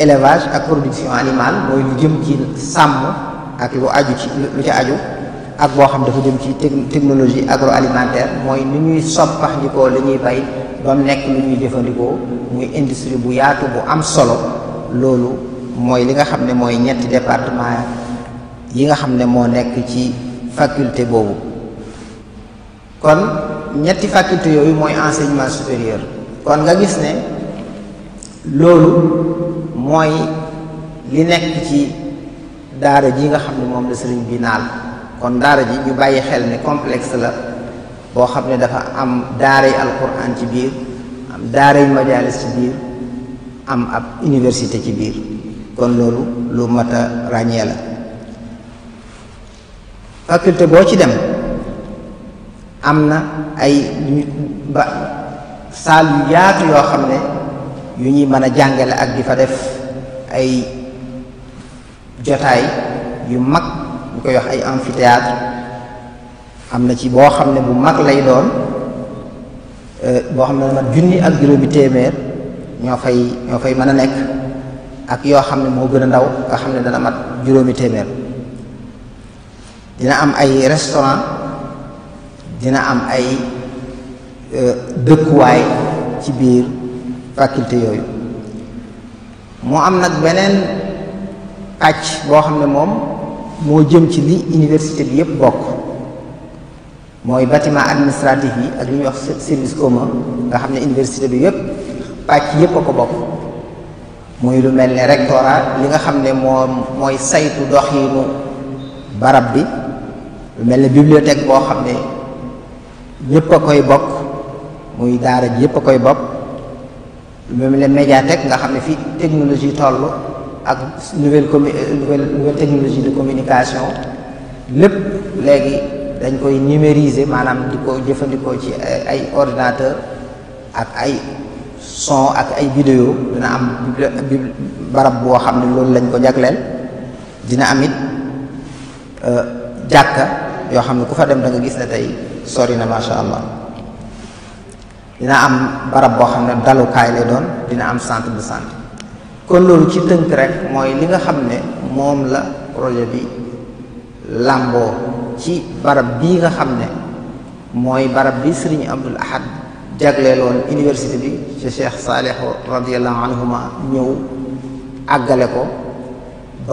élevage ak production animale mooy lu jëm ci sàmm ak lu aju ci lu ca aju ak boo xam dafa jëm ci technologie agro alimentaire mooy ni ñuy soppaxndikoo li ñuy pay ba nekk lu ñuy jëfandikoo muy industrie bu yaatu bu am solo loolu mooy li nga xam ne mooy ñetti département yi nga xam ne moo nekk ci faculté boobu kon ñetti faculté yooyu mooy enseignement supérieur kon nga gis ne loolu mooy li nekk ci daara ji nga xam ne moom la sëriñ bi naal kon daara ji ñu bàyyi xel ne complexe la boo xam ne dafa am daaray alquran ci biir am daaray majalis ci biir am ab université ci biir kon loolu lu mat a ràññee la faculté boo ci dem am na ay ba saal yu yaatu yoo xam ne yu ñuy mën a jàngale ak di fa def ay jotaay yu mag ñu koy wax ay amphithéâtre am na ci boo xam ne bu mag lay doon euh, boo xam ne man junni ak juróomi téeméer ñoo fay ñoo fay mën a nekk ak yoo xam ne moo gën a ndaw nga xam ne dana mat juróomi téeméer dina am ay restaurant dina am ay euh, dëkkuwaay ci biir faculté yooyu moo am nag beneen pàcc boo xam ne moom moo jëm ci li université bi yëpp bokk mooy bâtiment administratif yi ak li ñuy wax service commun nga xam ne université bi yëpp pàcc yëpp a ko bokk muy lu mel ne rectorat li nga xam ne moom mooy saytu doxinu barab bi lu mel ne bibliothèque boo xam ne ñépp koy bokk muy daara ji a koy bokk moom la médiathèque nga xam ne fii technologie toll ak nouvelle commu nouvelle nouvelle technologie de communication lépp léegi dañ koy numériser maanaam di ko jëfandikoo ci ay ordinateur ak ay son ak ay vidéo dina am barab boo xam ne loolu lañ ko jagleel dina am it euh, jàkka yoo xam ne ku fa dem da nga gis ne tey sori na macha allah. dina am barab boo xam ne dalukaay lay doon dina am centre de santé kon loolu ci tënk rek mooy li nga xam ne moom la projet bi làmboo ci barab bii nga xam ne mooy barab bi sëriñ Abdul Ahad jagleeloon université bi ci Cheikh Saalixu radiallahu anhuma ñëw àggale ko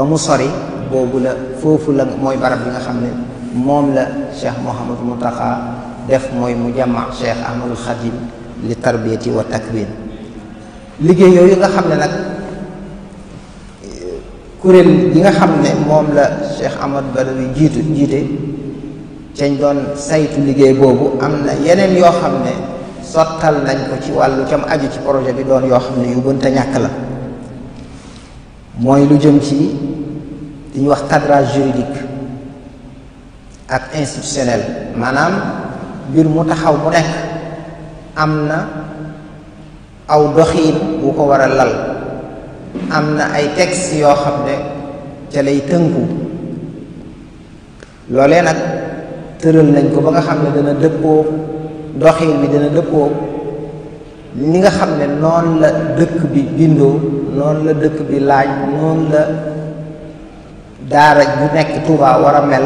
mu sori boobu foofu la mooy barab bi nga xam ne moom la Cheikh Mouhamadou Mountakha def mooy mu jàmma Cheikh Ahmadul Khadim li tarbiyati wa takwin liggéey yooyu nga xam ne nag kuréel yi nga xam ne moom la Cheikh Ahmad Badawi jiitu jiite cañ doon saytu liggéey boobu am na yeneen yoo xam ne sottal nañ ko ci wàllu cam aju ci projet bi doon yoo xam ne yu bënta ñàkk la mooy lu jëm ci li ñuy wax cadrage juridique ak institutionnel maanaam mbir mu taxaw mu nekk am na aw doxiin bu ko war a lal am na ay texte yoo xam ne ca lay tënku loolee nag tëral nañ ko ba nga xam ne dana dëppoo doxiin bi dana dëppoo li nga xam ne noonu la dëkk bi bindoo noonu la dëkk bi laaj noonu la daara bu nekk Tuubaa war a mel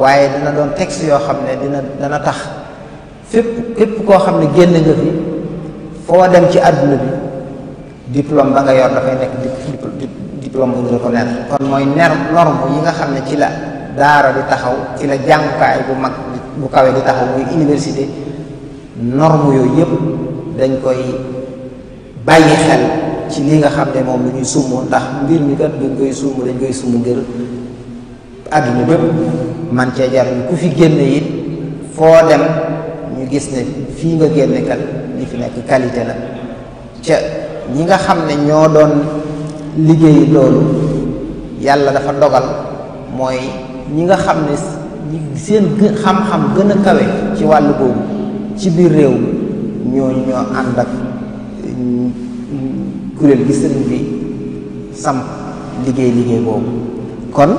waaye dina doon texte yoo xam ne dina dana tax fépp képp koo xam ne génn nga fi foo dem ci àdduna bi diplôme ba nga yor dafay nekk di diplôme bu reconnaître kon mooy ner norme yi nga xam ne ci la daara di taxaw ci la jàngukaay bu mag bu kawe di taxaw muy université norme yooyu yëpp dañ koy bàyyi xel ci li nga xam ne moom lu ñuy sumb ndax mbir mi kat koy sumb dañ koy sumb ngir àdduna bépp man cee jariñ ku fi génn yi foo dem ñu gis ne fii nga génne kat li fi nekk qualité la ca ñi nga xam ne ñoo doon liggéey loolu yàlla dafa dogal mooy ñi nga xam ne seen xam-xam gën a kawe ci wàll boobu ci biir réew ñooñu ñoo ànd ak mm, kuréel gi sëriñ bi samp liggéey liggéey boobu kon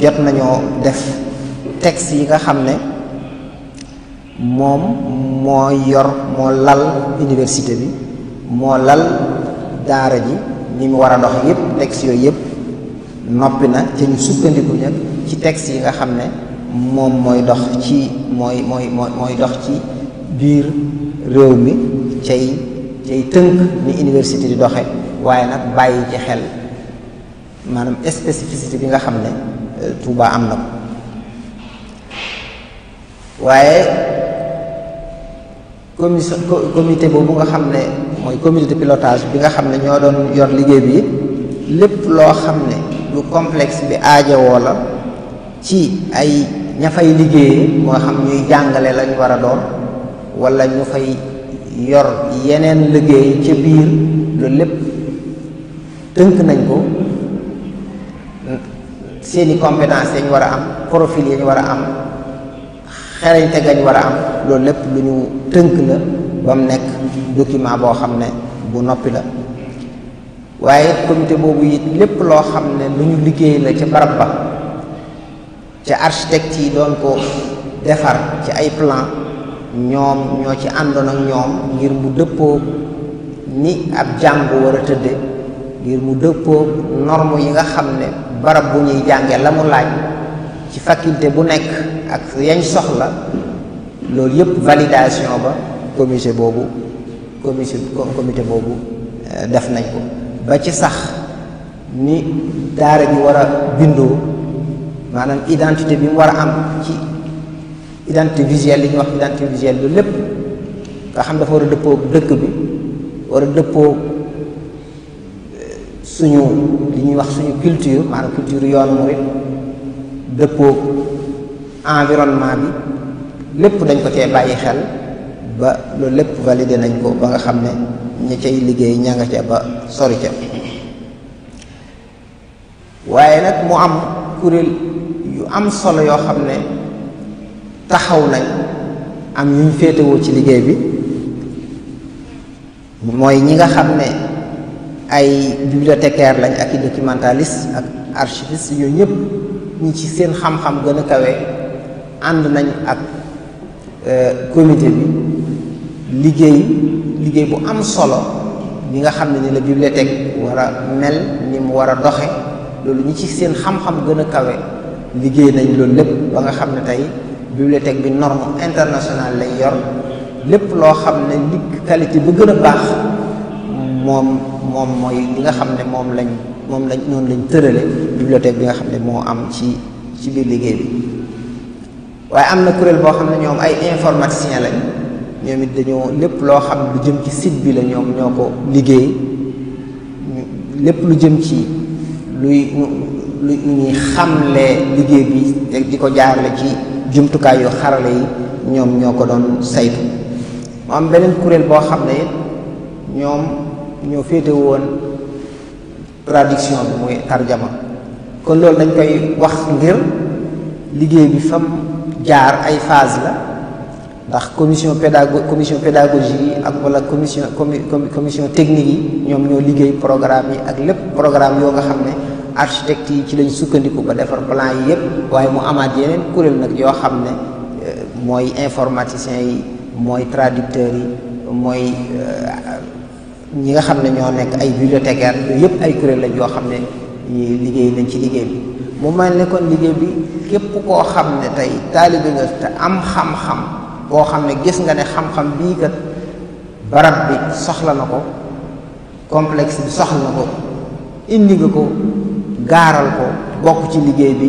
jot nañoo def texte yi nga xam ne moom moo yor moo lal université bi moo lal daara ji ni mu war a dox yépp texte yooyu yépp noppi na ca ñu sukkandiku nag ci texte yi nga xam ne moom mooy dox ci mooy mooy dox ci biir réew mi cay cay tënk ni université di doxe waaye nag bàyyi ci xel maanaam spécificité bi nga xam ne Touba am na ko waaye comi comité boobu nga xam ne mooy comité de pilotage bi nga xam ne ñoo doon yor liggéey bi lépp loo xam ne lu complexe bi aajowoo la ci ay ña fay liggéeyee moo xam ñuy jàngale lañ war a doon wala ñu fay yor yeneen liggéey ci biir loolu lépp tënk nañ ko seeni compétence yañ war a am profil yañ war a am xerañte gañ war a am loolu lépp lu ñu tënk la ba mu nekk document boo xam ne bu noppi la waaye comité boobu it lépp loo xam ne lu ñu liggéey la ca barab ba ca architecte yi doon ko defar ci ay plan ñoom ñoo ci àndoon ak ñoom ngir mu dëppoo ni ab jàng war a tëdde ngir mu dëppoo norme yi nga xam ne barab bu ñuy jànge la mu laaj ci faculté bu nekk ak yañ soxla loolu yëpp validation ba comité boobu comité comité boobu euh, def nañ ko ba ci sax ni daara ji war a bindoo maanaam identité bi mu war a am ci identité visuelle li ñuy wax identité visuelle lu lépp nga xam dafa war a dëppoo dëkk bi war a dëppoo euh, suñu li ñuy wax suñu culture maanaam culture yoon murit dëppoo environnement bi lépp dañ ko cee bàyyi xel ba loolu lépp validé nañ ko ba nga xam ne ñi cay liggéey ña nga ca ba sori ca waaye nag mu am kuréel yu am solo yoo xam ne taxaw nañ am yuñ féetewoo ci liggéey bi mooy ñi nga xam ne ay bibliothécaire lañ ak i ak archiviste yooyu ñëpp ñi ci seen xam-xam gën a kawe ànd nañ ak Euh, comité bi liggéey liggéey bu am solo bi nga xam ne ni la bibliothèque war a mel ni mu war a doxe loolu ñi ci seen xam-xam gën a kawe liggéey nañ loolu lépp ba nga xam ne tey bibliothèque bi norme internationale lay yor lépp loo xam ne li qualité bu gën a baax moom moom mooy li nga xam ne moom lañ moom lañ noonu lañ tërale bibliothèque bi nga xam ne moo am ci ci biir liggéey bi waaye am na kuréel boo xam ne ñoom ay informaticien lañ ñoom it dañoo lépp loo xam lu jëm ci site bi la ñoom ñoo ko liggéey lépp lu jëm ci luy lu ñuy xamle liggéey bi di ko jaarale ci jumtukaay yu xarale yi ñoom ñoo ko doon saytu mu am beneen kuréel boo xam ne ñoom ñoo féetewoon woon traduction bi muy tarjama kon loolu dañ koy wax ngir liggéey bi fam jaar ay phase la ndax commission pédago commission pédagogie yi ak wala commission commission technique yi ñoom ñoo liggéey programme yi ak lépp programme yoo nga xam ne architecte yi ci lañ sukkandiku ba defar plan yi yépp waaye mu amaat yeneen kuréel nag yoo xam ne euh, mooy informaticien yi mooy traducteurs yi mooy euh, ñi nga xam ne ñoo nekk ay bibliothécaires yooyu yépp ay kuréel lañ yoo xam ne ñuy liggéey nañ ci liggéey bi mu mel nekkoon liggéey bi képp koo xam ne tey taalibe nga te am xam-xam boo xam ne gis nga ne xam-xam bii kat barab bi soxla na ko complexe bi soxla na ko indi nga ko gaaral ko bokk ci liggéey bi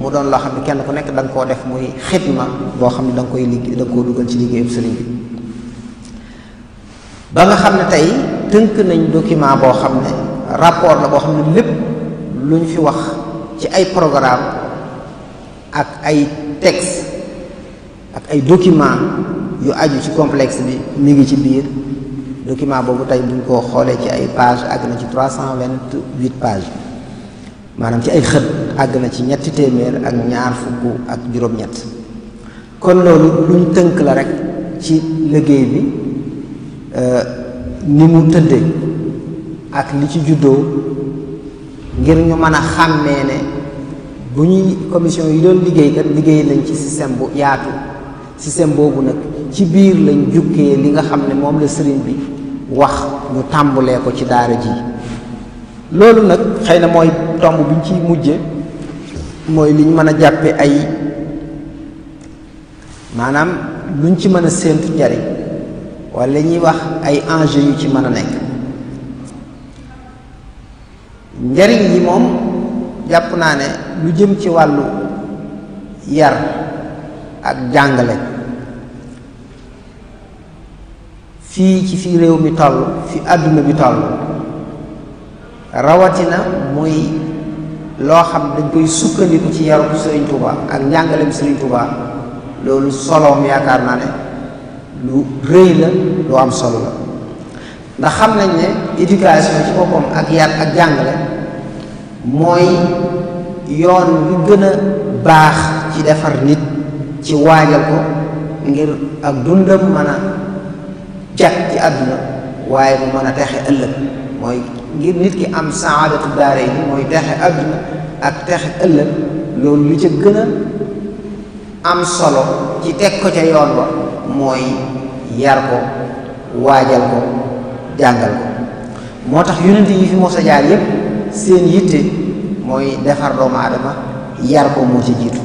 mu doon loo xam ne kenn ku nekk da koo def muy xidma boo xam ne da nga koy liggéey da nga koo dugal ci liggéeyu sëriñ bi ba nga xam ne tey tënk nañ document boo xam ne rapport la boo xam ne lépp lu ñu fi wax ci ay programme ak ay tex ak ay document yu aju ci complexe bi mi ngi ci biir document boobu tey buñ ko xoolee ci ay page àgg na ci trois cent vingt-huit page maanaam ci ay xët àgg na ci ñetti téeméer ak ñaar fukk ak juróom-ñett kon loolu luñ tënk la rek ci liggéey bi euh, ni mu tëddee ak li ci juddoo ngir ñu mën a xàmmee ne bu ñuy commission yi doon liggéey kat liggéey nañ ci système bu yaatu système boobu nag ci biir lañ jukkee li nga xam ne moom la sëriñ bi wax ñu tàmbulee ko ci daara ji loolu nag xëy na mooy tomb biñ ciy mujje mooy liñ mën a jàppe ay maanaam luñ ci mën a séentu njariñ wala ñuy wax ay enjeux yu ci mën a nekk njariñ yi moom jàpp naa ne lu jëm ci wàllu yar ak jàngale fii ci fi réew mi toll fi àdduna bi toll rawatina mooy loo xam dañ koy sukkandiku ci yaru Sëriñ Tuuba ak njàngaleem Sëriñ Tuuba loolu soloom yaakaar naa ne lu rëy la lu am solo la ndax xam nañ ne éducation ci boppam ak yar ak jàngale mooy yoon wi gën a baax ci defar nit ci waajal ko ngir ak dundam mën a jag ci àdduna waaye mu mën a texe ëllëg mooy ngir nit ki am saadatu daare yi mooy texe àdduna ak texe ëllëg loolu li ca gën a am solo ci teg ko ca yoon wa mooy yar ko waajal ko jàngal ko moo tax yonent yi fi mos yépp seen yitte mooy defar doomu ma yar ko moo ci jiitu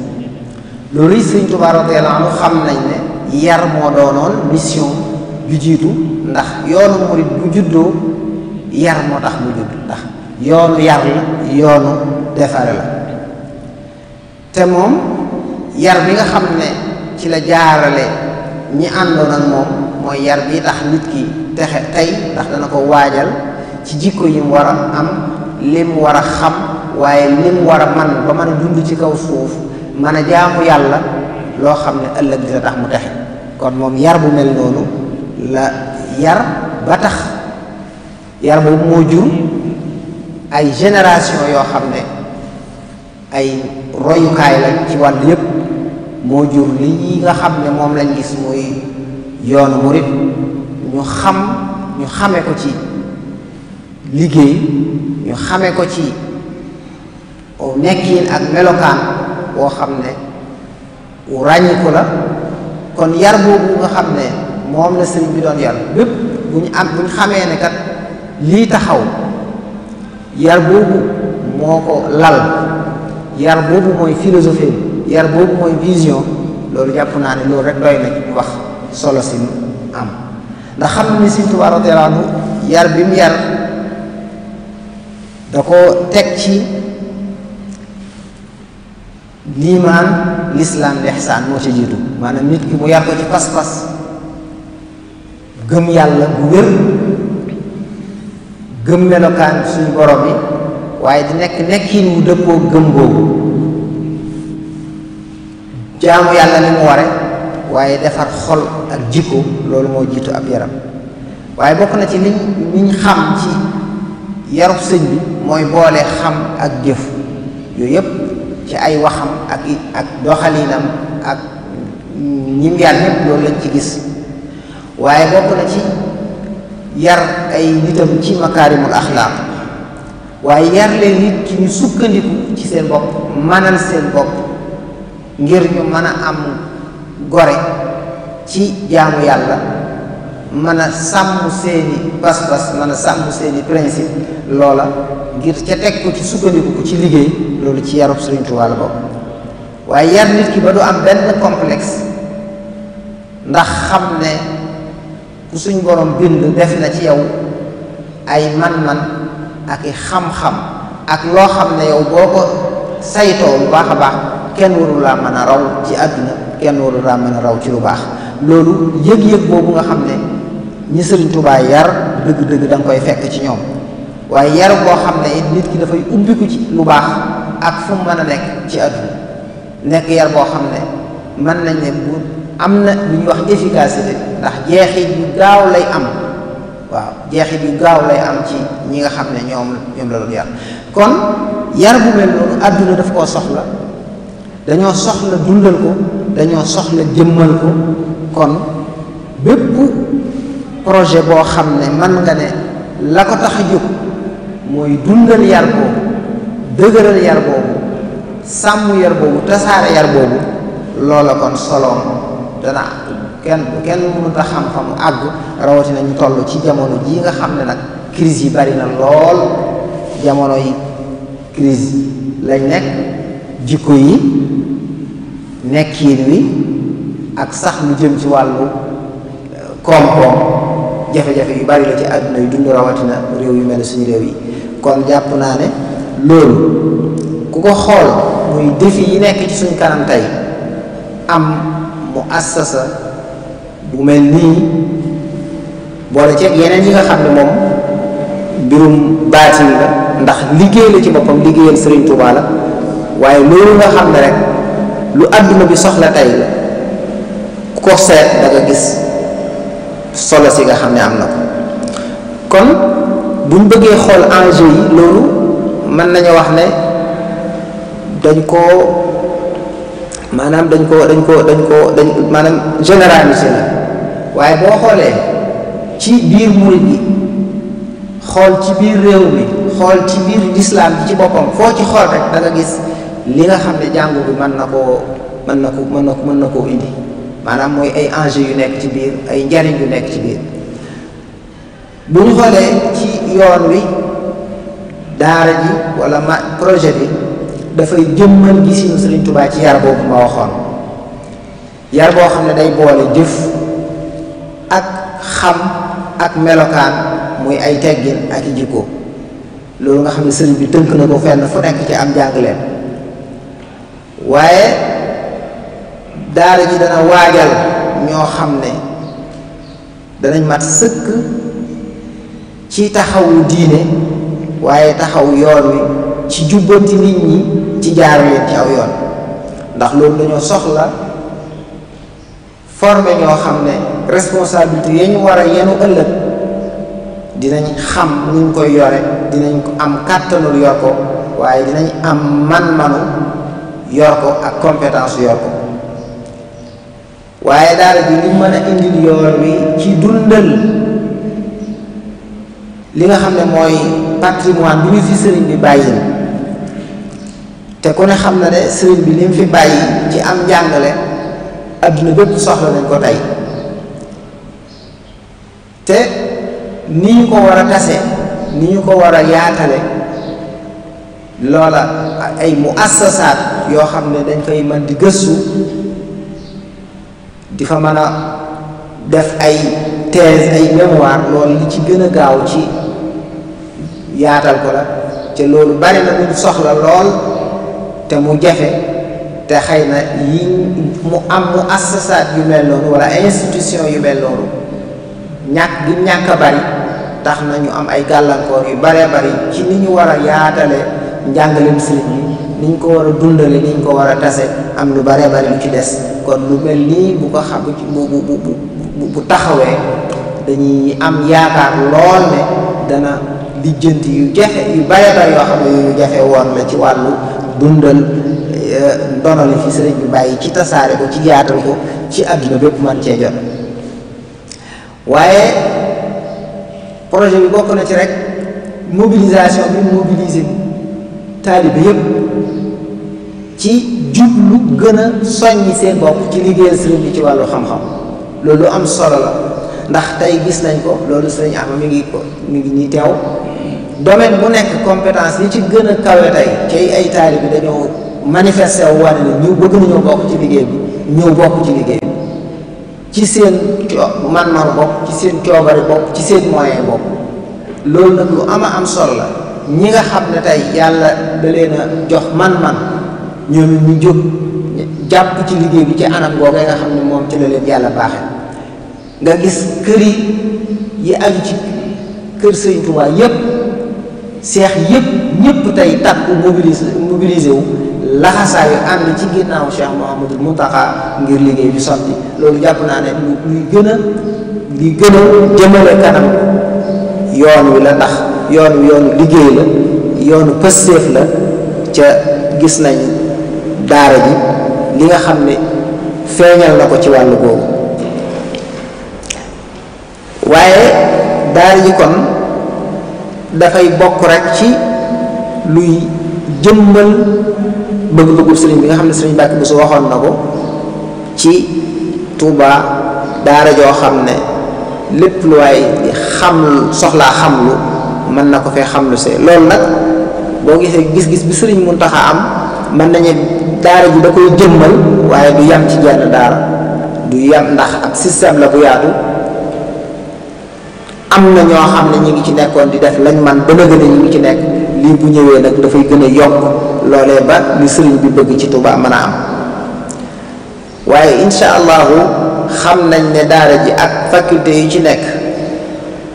loolu yi sëñ Tuubaa radiyallaahu anhu xam nañ ne yar moo doonoon mission ju jiitu ndax yoonu murit bu juddoo yar moo tax mu judd ndax yoonu yar la yoonu defare la te moom yar bi nga xam ne ci la jaarale ñi àndoon moom mooy yar bi tax nit ki texe tey ndax dana ko waajal ci jikko yi mu war a am lim war a xam waaye lim war a man ba mën a dund ci kaw suuf mën a jaamu yàlla loo xam ne ëllëg dina tax mu texe kon moom yar bu mel noonu la yar ba tax yar boobu moo jur ay génération yoo xam ne ay
royukaay lañ ci wàll yépp
moo jur lii nga xam ne moom lañ gis muy yoonu murit ñu xam ñu xame ko ci liggéey ñu xamee ko ci aw nekkiin ak melokaan woo xam ne wu ràññiku la kon yar boobu nga xam ne moom na sëriñ bi doon yar bépp bu ñu am bu ñu xamee ne kat lii taxaw yar boobu moo ko lal yar boobu mooy philosophie yar boobu mooy vision loolu jàpp naa ne loolu rek doy na wax solo si am ndax xam ne Sëriñ Tuubaa radiyallaahu yar bi mu yar da ko teg ci liimaan lislaam lexsaan moo ci jiitu maanaam nit ki mu yar ko ci pas-pas gëm yàlla bu wér gëm melokaan suñu borom yi waaye di nekk nekkin wu dëppoo gëm boobu jaamu yàlla li mu ware waaye defar xol ak jikko loolu moo jiitu ab yaram waaye bokk na ci liñ liñ xam ci yarub sëñ bi mooy boole xam ak jëf yooyu yëpp ci ay waxam ak ak doxalinam ak ñim yar ñëpp loolu lañ ci gis waaye bokk na ci yar ay nitam ci makaarimul axlaaq waaye yar leen nit ci ñu sukkandiku ci seen bopp manal seen bopp ngir ñu mën a am gore ci jaamu yàlla mën a sàmm seeni bas-bas mën a sàmm seeni principe loola ngir ca teg ko ci sukkandiku ko ci liggéey loolu ci yarub Sëriñ Tuubaa la bokk waaye yar nit ki ba du am benn complexe ndax xam ne ku suñ borom bind def na ci yow ay man-man ak i xam-xam ak loo xam ne yow boo ko saytoo bu baax a baax kenn warul laa mën a raw ci àddina kenn warul laa mën a raw ci lu baax loolu yëg-yëg boobu nga xam ne ñi sëriñ Tuubaa yar dëgg-dëgg da koy fekk ci ñoom waaye yar boo xam ne it nit ki dafay ubbiku ci lu baax ak fu mu mën a nekk ci àdduna nekk yar boo xam ne mën nañ ne bu am na lu ñuy wax efficacité ndax jeexit yu gaaw lay am waaw jeexit yu gaaw lay am ci ñi nga xam ne ñoom ñoom la doon yar kon yar bu mel noonu àdduna daf koo soxla dañoo soxla dundal ko dañoo soxla jëmmal ko kon bépp projet boo xam ne man nga ne la ko tax a jóg mooy dundal yar boobu dëgëral yar boobu sàmm yar boobu tasaare yar boobu loola kon soloom dana kenn kenn mënut a xam fa mu àgg rawatina ñu toll ci jamono jii nga xam ne nag crise yi bari na lool jamono yi crise lañ nekk jikko yi nekkiin wi ak sax lu jëm ci wàllu koom-koom jafe-jafe yu bari la ci àdduna yu dund rawatina réew yu mel ne suñu réew yi kon jàpp naa ne loolu ku ko xool muy défi yi nekk ci suñu kanam tey am mu assasa bu mel nii boole ci yeneen yi nga xam ne moom mbirum baatin la ndax liggéey la ci boppam liggéeyal Serigne Touba la waaye loolu nga xam ne rek lu àdduna bi soxla tey la ko seet da gis. solo si nga xam ne am na ko kon buñ bëggee xool enjeu yi loolu mën nañu wax ne dañ koo maanaam dañ ko dañ koo dañ ko dañ maanaam généralisé la waaye boo xoolee ci biir murit bi xool ci biir réew bi xool ci biir lislaam bi ci boppam foo ci xool rek da gis li nga xam ne jàngu bi mën na koo mën na koo mën na ko mën na koo indi maanaam mooy ay enjeux yu nekk ci biir ay njariñ yu nekk ci biir bu ñu xoolee ci yoon wi daara ji wala ma projet bi dafay jëmmal gisinu Sëriñ Tubaa ci yar boobu ma waxoon yar boo xam ne day boole jëf ak xam ak melokaan muy ay teggin ak i jikko loolu nga xam ne sëriñ bi tënk na ko fenn fu nekk ci am jàngleen waaye daara ji dana waajal ñoo xam ne danañ mat sëkk ci taxawu diine waaye taxaw yoon wi ci jubbanti nit ñi ci jaar leen ci aw yoon ndax loolu dañoo soxla forme ñoo xam ne responsabilité ya ñu war a yenu ëllëg dinañ xam nuñ koy yore dinañ ko am kàttanul yor waaye dinañ am man-manu yor ak compétence yor waaye daara ji li mën a indil yoon wi ci dundal li nga xam ne mooy patrimoine bi ñu fi sëriñ bi bàyyi te ku ne xam na ne sëriñ bi li mu fi bàyyi ci am njàngale adduna bépp soxla nañ ko tey te ni ñu ko war a tase ni ñu ko war a yaatale loola ay mu assasaat yoo xam ne dañ koy mën di gëstu di fa mën a def ay thèse ay mémoire loolu ci gën a gaaw ci yaatal ko la te loolu bari na ñu soxla lool te mu jafe te xëy na yi mu am mu assasaat yu mel noonu wala institution yu mel noonu ñàkk gi ñàkk bari tax na ñu am ay gàllankoor yu baree bari ci ni ñu war a yaatale njàngaleem sëriñ bi niñ ko war a ni niñ ko war a tase am lu bare bare lu ci des kon lu mel nii bu ko xam bu bu bu bu taxawee dañuy am yaakaar lool ne dana lijjanti yu jafe yu bare bare yoo xam ne yu jafe woon la ci wàllu dundal eh, donale fi sëriñ bi bàyyi ci tasaare ko ci yaatal ko ci àdduna bépp man cee jot waaye projet bi bokk na ci rek mobilisation bi mobiliser taalibe yëpp ci lu gën a soññi seen bopp ci liggéeyal sëriñ bi ci wàllu xam-xam loolu am solo la ndax tey gis nañ ko loolu sëriñ Ama mi ngi ko mi ngi ñuy teew domaine bu nekk compétence yi ci gën a kawe tey ci ay taalibe bi wu wane bëgg nañoo bokk ci liggéey bi ñëw bokk ci liggéey ci seen co man-man bopp ci seen coobari ci seen moyen bopp loolu nag lu am solo la ñi nga xam ne tey yàlla da leen jox man-man ñoom ñu jóg jàpp ci liggéey bi ci anam googee nga xam ne moom ci la leen yàlla baaxe nga gis kër yi yi ci kër Sëñ Tuubaa yépp seex yépp ñépp tey tàkku mobilisé mobilisé wu laxasaayu ànd ci ginnaaw Cheikh Mouhamadul Mountakha ngir liggéey bi sotti loolu jàpp naa ne luy gën li gën a jëmale kanam yoon wi la ndax yoon wi yoonu liggéey la yoonu pësteef la ca gis nañ daara ji li nga xam ne feeñal na ko ci wàllu boobu waaye daara ji kon dafay bokk rekk ci luy jëmbal bëgg-bëggu sëriñ bi nga xam ne sëriñ Mbàkke Buso waxoon na ko ci tuubaa daara joo xam ne lépp lu waay xam soxlaa xamlu mën na ko fee xamlu see loolu nag boo gisee gis-gis bi sëriñ Muntaxa am mën nañu daara ji da koy jëmmal waaye du yam ci jenn daara du yam ndax ak système la bu yaatu am na ñoo xam ne ñu ngi ci nekkoon di def lañ man ba gën a ñu ngi ci nekk lii bu ñëwee nag dafay gën a yokk loolee ba li sëriñ bi bëgg ci Tuubaa man a am waaye incha allahu xam nañ ne daara ji ak faculté yi ci nekk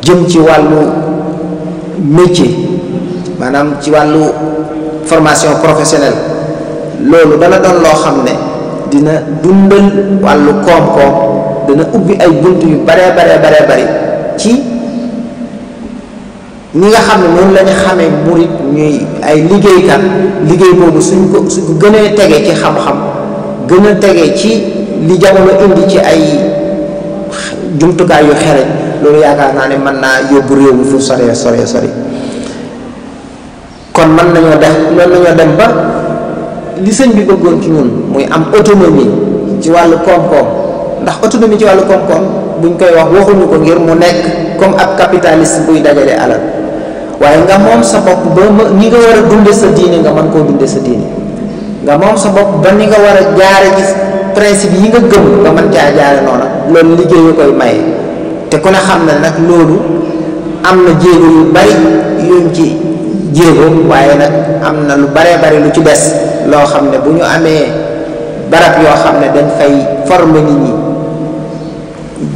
jëm ci wàllu métier maanaam ci wàllu formation professionnelle loolu dana doon loo xam ne dina dundal wàllu koom-koom dana ubbi ay bunt yu baree baree baree bari ci ñi nga xam ne noonu la ñu xamee murit ñuy ay liggéeykat liggéey boobu suñ ko suñ ko gënee tege ci xam-xam gën a tege ci li jamono indi ci ay jumtukaay yu xere loolu yaakaar naa ne mën naa yóbbu réew mi fu sore sore sore kon mën nañoo def mën nañoo dem ba li sëñ bi bëggoon ci ñun muy am autonomie ci wàllu koom-koom ndax autonomie ci wàllu koom-koom buñ koy wax waxuñu ko ngir mu nekk comme ak capitaliste buy dajale alal waaye nga moom sa bopp ba ni nga war a dunde sa diine nga mën koo dunde sa nga moom sa bopp ba ni nga war a jaare ci principe yi nga gëm nga mën caa jaare noona loolu liggéeyu koy maye te ku ne xam na nag loolu am na jéego yu bari yuñ ci jéegoo waaye nag am na lu baree bari lu ci des loo xam ne bu ñu amee barab yoo xam ne dañ fay former nit ñi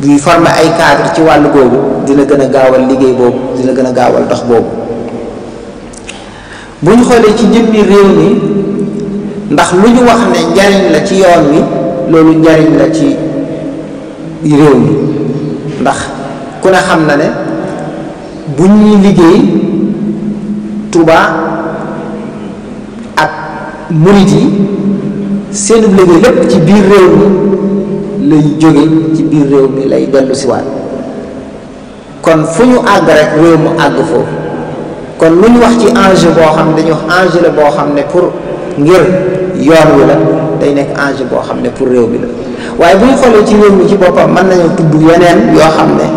buy former ay cadre ci wàllu googu dina gën a gaawal liggéey boobu dina gën a gaawal dox boobu bu ñu xoolee ci jëmmi réew mi ndax lu ñu wax ne njariñ la ci yoon wi loolu njariñ la ci réew mi ndax ku ne xam na ne bu ñuy liggéey Tuubaa murit yi seen liggéey lépp ci biir réew mi lay jóge ci biir réew mi lay dellu siwaat kon fu ñu àgg rek réew mu àgg foofu kon lu ñu wax ci enjeu boo xam ne dañuy wax enjeu la boo xam ne pour ngir yoon wi day nekk enjeu boo xam ne pour réew bi la waaye bu ñu xoolee ci réew mi ci boppam mën nañoo tudd yeneen yoo xam ne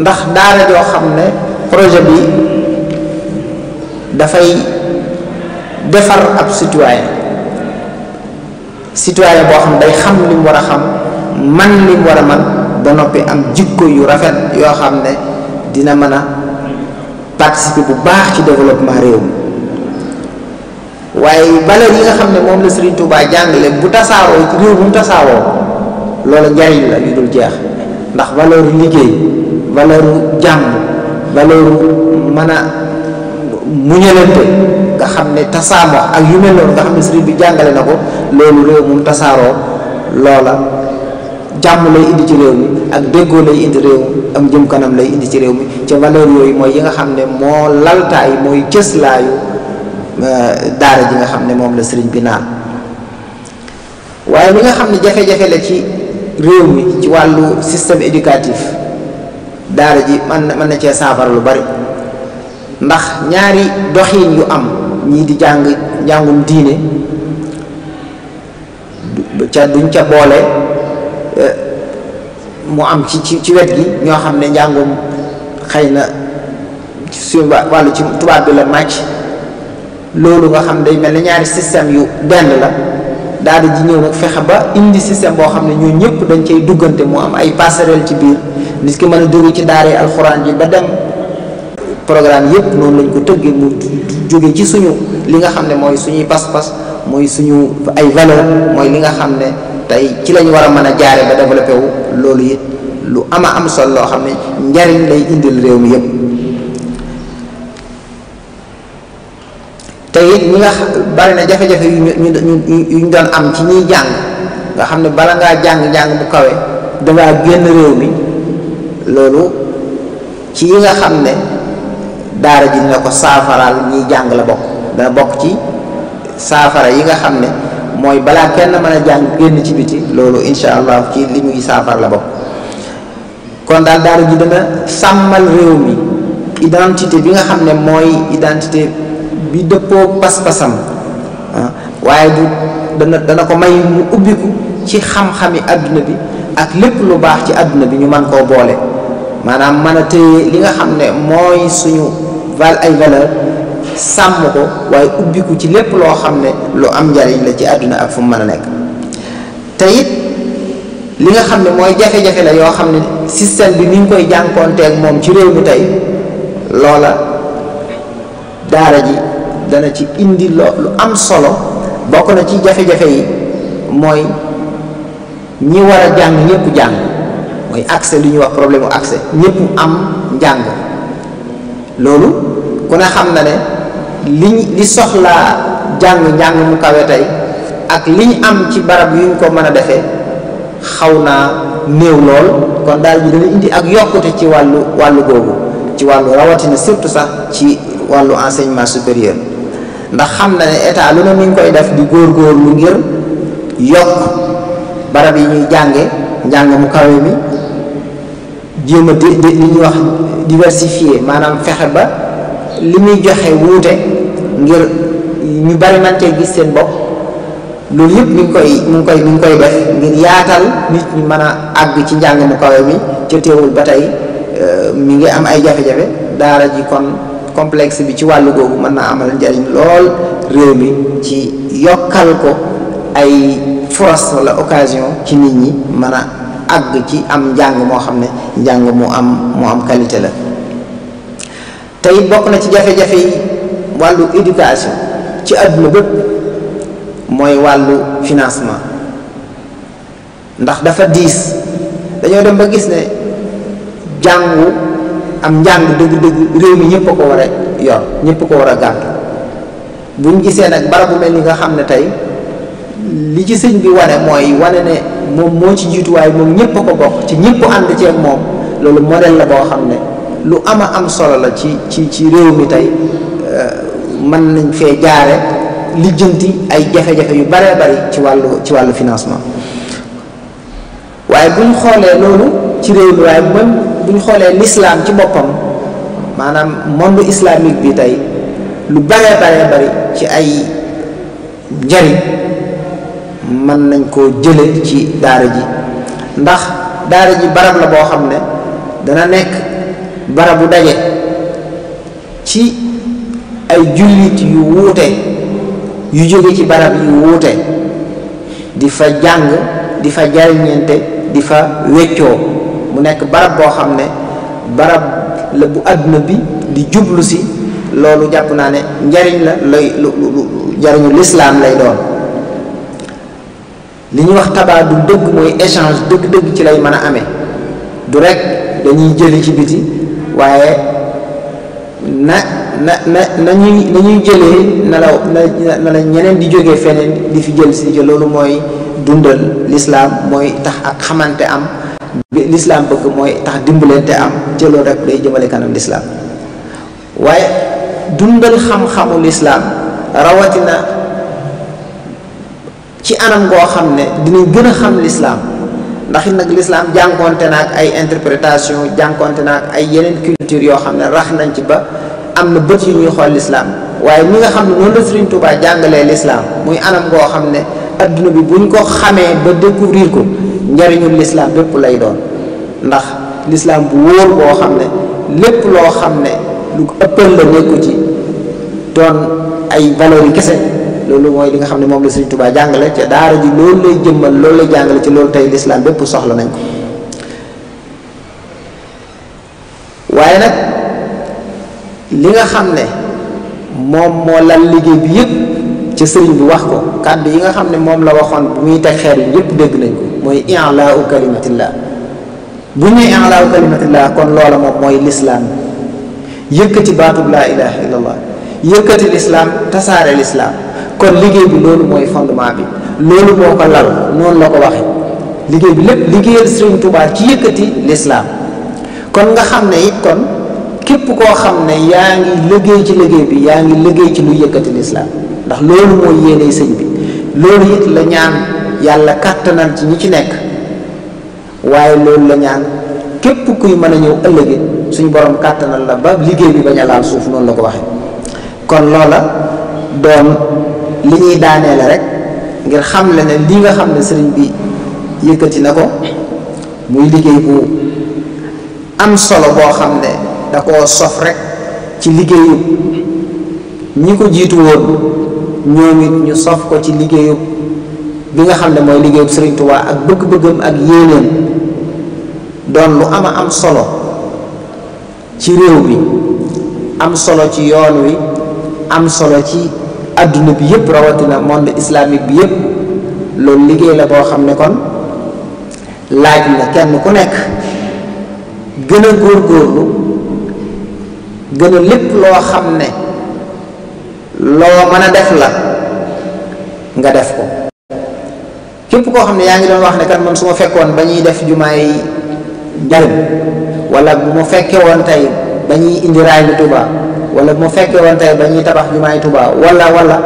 ndax daara yoo xam ne projet bi dafay defar ab citoyen citoyen boo xam day xam li war a xam man li war a man ba noppi am jikko yu rafet yoo xam ne dina mën a participer bu baax ci développement réew mi waaye valeur yi nga xam ne moom la Serigne Touba jàngale bu tasaaroo ci réew bu mu tasaaroo loolu njariñ la yu dul jeex ndax valeur liggéey valeur jàmm valeur mën a muñalante nga xam ne tasaamo ak yu mel noonu nga xam ne sëriñ bi jàngale na ko loolu réew moom tasaaroo loola jàmm lay indi ci réew mi ak déggoo lay indi réew mi lay indi ci réew mi ca valeur mooy yi nga xam ne moo laltaay mooy cëslaayu euh, daara ji nga xam ne moom la sëriñ bi naan waaye li nga xam ne jafe la ci réew mi ci wàllu système éducatif daara ji mën na mën na cee saafara lu bari ndax ñaari doxiin yu am ñii di jàng njàngum diine ca duñ ca boole eh, mu am ci ci ci wet gi ñoo xam ne njàngum xëy na suñu wàllu ci tubaab bi la màcc loolu nga xam day mel ne ñaari système yu benn la daal di ñëw nag fexe ba indi système boo xam ne ñoo ñëpp dañ cay duggante mu am ay passerelle ci biir nit ki mën a dugg ci daaree alxuraan ji ba dem programme yépp noonu lañ ko tëggee mu jóge ci suñu li nga xam ne mooy suñuy pas-pas mooy suñu ay valeur mooy li nga xam ne tey ci lañ war a mën a jaare ba développé wu loolu it lu ama am solo loo xam ne njariñ lay indil réew mi yépp te it nga bari na jafe-jafe yu ñu am ci ñiy jàng nga xam ne bala ngaa jàng-jàng bu kawe dangaa génn réew mi loolu ci yi nga xam ne daara ji dina ko saafaraal ñiy jàng la bokk dana bokk ci saafara yi nga xam ne mooy balaa kenn mën a jàng génn ci biti loolu incha allah ci li muy saafara la bokk kon daal daara ji dana sàmmal réew mi identité bi nga xam ne mooy identité bi dëppoo pas-pasam ah, waaye du dana dana ko may mu ubbiku ci xam-xami àdduna bi ak lépp lu baax ci àdduna bi ñu mën koo boole maanaam mën a téye li nga xam ne mooy suñu val ay valeur sàmm ko waaye ubbiku ci lépp loo xam ne lu am njariñ la ci àdduna ak fu mu mën a nekk te li nga xam ne mooy jafe-jafe la yoo xam ne système bi ni ñu koy jànkoonteeg moom ci réew mi tey loola daara ji dana ci indi lo lu am solo bokk na ci jafe-jafe yi mooy ñi war a jàng ñëpp jàng mooy accès li ñuy wax problème mu accès ñëpp am njàng loolu ku ne xam na ne liñ li soxlaa jàng jàng mu kawe tey ak liñ am ci barab yuñ ko mën a defee xaw naa néew lool kon daal ji dana indi ak yokkute ci wàllu wàllu googu ci wàllu rawatina surtout sax ci wàllu enseignement supérieur ndax xam na ne état lu ne mi ngi koy def di góorgóorlu ngir yokk barab yi ñuy jànge njàng mu kawe mi jéem a di di li ñuy wax diversifier maanaam fexe ba li muy joxe wuute ngir ñu bari man cee gis seen bopp loolu yëpp mu ngi koy mi ngi koy ngi koy def ngir yaatal nit ñi mën a àgg ci njàng mu kawe mi ca teewul ba tey euh, mu ngi am ay jafe-jafe daara ji kon complexe bi ci wàll googu mën naa amal njariñ lool réew mi ci yokkal ko ay force wala occasion ci nit ñi mën a àgg ci am njàng moo xam ne njàng mu am mu am qualité la tey bokk na ci jafe-jafe yi wàllu éducation ci àdduna bépp mooy wàllu financement ndax dafa diis dañoo dem ba gis ne jàngu am njàng dëgg-dëgg réew mi ñëpp ko war a yor ñëpp ko war a gàtt buñ gisee nag barabu mel ni nga xam ne tey li ci sëñ bi wane mooy wane ne moom moo ci jiitu waaye moom ñëpp a ko bokk ci ñëpp ànd ci ak moom loolu modèle la boo xam ne lu ama am solo la ci ci ci réew mi tey euh, mën nañ fee jaare lijjanti ay jafe-jafe yu baree bari ci wàllu ci wàllu financement waaye buñ xoolee loolu ci réew mi waaye même bu ñu xoolee l'islam ci boppam maanaam monde islamique bi tey lu baree baree bari ci ay njariñ mën nañ koo jële ci daara ji ndax daara ji barab la boo xam ne dana nekk barabu daje ci ay jullit yu wuute yu jóge ci barab yu wuute di fa jàng di fa jariñante di fa weccoo mu nekk barab boo xam ne barab la bu àdduna bi di jublu si loolu jàpp naa ne njariñ la lay lu lu jariñu lislaam lay doon li ñuy wax tabaadu dëgg mooy échange dëgg-dëgg ci lay mën a ame du rek dañuy jëli ci biti waaye na na na na ñuy na ñuy ñeneen di jóge feneen di fi jël si loolu mooy dundal lislaam mooy tax ak xamante am lislaam bëgg mooy tax dimbalante am ci loolu day jëmale kanam lislaam waaye dundal xam-xamu lislaam rawatina ci anam goo xam ne dinañ gën a xam lislaam ndax it nag lislaam jànkoonte naa ak ay interprétation jànkoonte na ak ay yeneen culture yoo xam ne rax nañ ci ba am na bët yu ñuy xool lislaam waaye ñi nga xam ne noonu la Sëriñ Tuubaa jàngalee lislaam muy anam goo xam ne adduna bi buñ ko xamee ba découvrir ko njariñul lislaam bépp lay doon ndax lislaam bu wóor boo xam ne lépp loo xam ne lu ëppal la nekku ci doon ay valeurs kese loolu mooy li nga xam ne moom la Sëriñ Tuubaa jàngale ca daara ji loolu lay jëmmal loolu lay jàngale ci loolu tey lislaam bépp soxla nañ ko waaye nag li nga xam ne moom moo lal liggéey bi yëpp ci sëriñ bi wax ko kàddu yi nga xam ne moom la waxoon bu muy teg xeer yi yëpp dégg nañ ko mooy i'laa'u kalimatillah bu ñuy i'laa'u kalimatillah kon loola moom mooy lislaam yëkkati baatub laa ilaha illallah yëkkati lislaam tasaare lislaam kon liggéey bi loolu mooy fondement bi loolu moo ko lal noonu la ko waxe liggéey bi lépp liggéeyal Sëriñ Tuubaa ci yëkkati lislaam kon nga xam ne it kon képp koo xam ne yaa ngi liggéey ci yaa ngi liggéey ci lu yëkkati lislaam ndax loolu mooy yéene sëñ bi loolu it la ñaan yàlla kàttanal ci ñi ci nekk waaye loolu la ñaan képp kuy mën a ñëw ëllëgee suñu borom kàttanal la ba liggéey bi bañ a laal suuf noonu la ko waxe kon loola doon li ñuy daanee la rek ngir xam la ne li nga xam ne sëriñ bi yëkkati na ko muy liggéey bu am solo boo xam ne da koo sof rek ci liggéeyub ñi ko jiitu woon ñoom it ñu sof ko ci liggéeyub bi nga xam ne mooy liggéeyub sëriñ Tuubaa ak bëgg-bëggam ak yéenéem doon lu ama am solo ci réew mi am solo ci yoon wi am solo ci adduna bi yëpp rawatina monde islamique bi yëpp loolu liggéey la boo xam ne kon laaj na kenn ku nekk gën a góorgóorlu gën a lépp loo xam ne loo mën a def la nga def ko képp koo xam ne yaa ngi doon wax ne kan man su ma fekkoon ba ñuy def jumaay jarim wala bu ma fekke woon tey ba ñuy indi raay bi Tuubaa wala bu ma fekkee woon tey ba ñuy tabax jumaay Tuubaa wala wala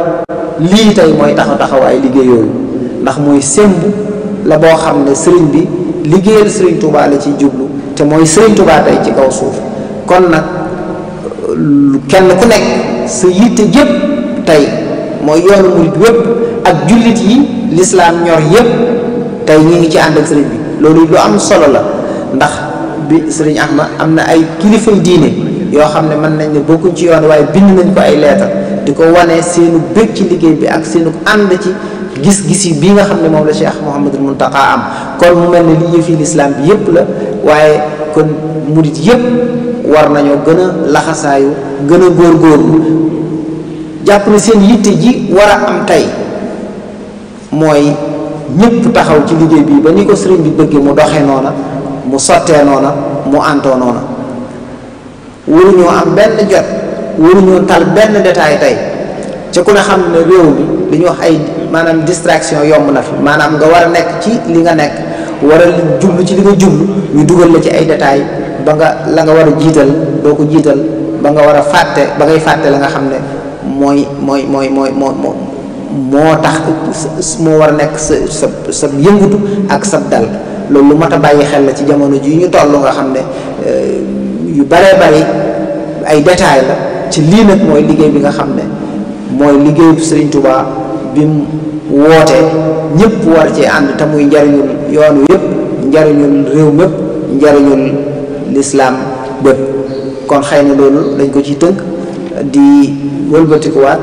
lii tey mooy taxaw taxawaay liggéey yooyu ndax mooy sémb la boo xam ne sëriñ bi liggéeyal sëriñ Tuubaa la ciy jublu te mooy sëriñ Tuubaa tey ci kaw suuf kon nag kenn ku nekk sa yitte jëpp tey mooy yoonu murit wépp ak jullit yi lislaam ñor yëpp tey ñu ngi ci ànd ak sëriñ bi loolu lu am solo la ndax bi sëriñ Ahmad am na ay kilifay diine yoo xam ne mën nañ ne bokkuñ ci yoon waaye bind nañ ko ay leetar di ko wane seenu bëgg ci liggéey bi ak seenu ànd ci gis-gis yi bii nga xam ne moom la Cheikh mun Muntaqa am kon mu mel ne li fi lislaam bi yëpp la waaye kon murit yëpp war nañoo gën a laxasaayu gën a góorgóorlu jàpp ne seen yitte ji war a am tey mooy ñëpp taxaw ci liggéey bi ba ni ko sëriñ bi bëggee mu doxee noona mu sottee noona mu antoo noona waruñoo am benn jot waruñoo tal benn détail tey ca ku ne xam ne réew mi li ñuy wax ay maanaam distraction yomb na fi maanaam nga war a nekk ci li nga nekk war a jublu ci li nga jublu ñu dugal la ci ay détail ba nga la nga war a jiital doo ko jiital ba nga war a fàtte ba ngay fàtte la nga xam ne mooy mooy mooy mooy moo moo tax moo war a nekk sa sa yëngutu ak sa dal loolu lu mat bàyyi xel la ci jamono ji ñu toll nga xam ne euh, yu bare bari ay détails la ci lii nag mooy liggéey bi nga xam ne mooy liggéeyu Sëriñ Tuubaa bi mu woote ñëpp war ci ànd te muy njariñul yoonu yëpp njariñul réew mépp njariñul lislaam bépp kon xëy na loolu dañ ko ci tënk di wëlbatikuwaat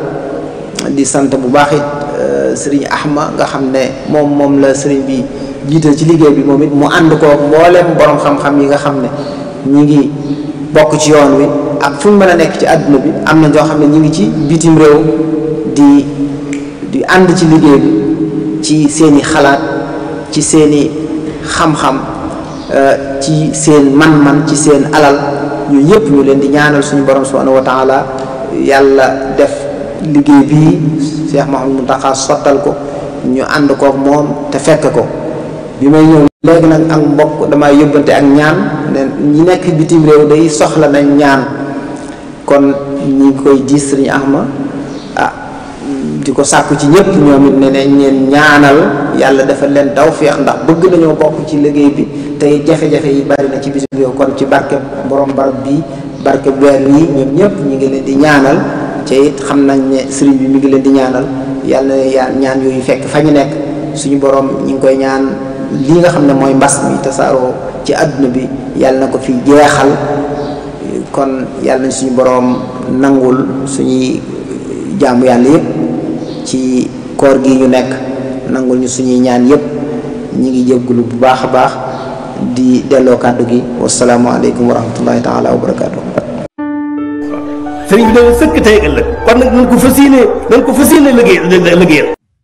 di sant bu baaxit it euh, sëriñ Axma nga xam ne moom moom la sëriñ bi jiital ci liggéey bi moom it mu ànd koo mboolem borom xam-xam yi nga xam ne ñi ngi bokk ci yoon wi ak fu ñu mën a nekk ci àdduna bi am na ñoo xam ne ñu ngi ci bitim réew di di ànd ci liggéey bi ci seeni xalaat ci seeni xam-xam euh, ci seen man-man ci seen alal ñu ñëpp ñu leen di ñaanal suñu borom subhanahu wa taala yàlla def liggéey bii Cheikh Mouhamadou Mountakha sottal ko ñu ànd kook moom te fekk ko bi may ñëw léegi nag ak mbokk damay yóbbante ak ñaan ne ñi nekk bitim réew day soxla nañ ñaan kon ñi ngi koy diis sëriñ Axma ah di ko sàkku ci ñëpp ñoom it ne neñ ñaanal yàlla defal leen daw feex ndax bëgg nañoo bokk ci liggéey bi tey jafe-jafe yi bari na ci bitim réew kon ci barke borom barab bi barke weer yi ñoom ñëpp ñu ngi leen di ñaanal te it xam nañ ne sëriñ bi mu ngi leen di ñaanal yàlla ñaan yooyu fekk fa ñu nekk suñu borom ñi ngi koy ñaan lii nga xam ne mooy mbas mi tasaaroo ci àdduna bi yàlla na ko fi jeexal kon yàlla na suñu boroom nangul suñuy jaamu yàlla yépp ci koor gi ñu nekk nangul suñuy ñaan yépp ñi ngi jéggulu bu baax a baax di delloo kàddu gi wasalaamaaleykum wa rahmatullahi taala wa barakaatu
sëriñ bi dana sëkk tey ëllëg kon nag nañ ko fas yéene nañ ko fas yéene liggéey liggéeyal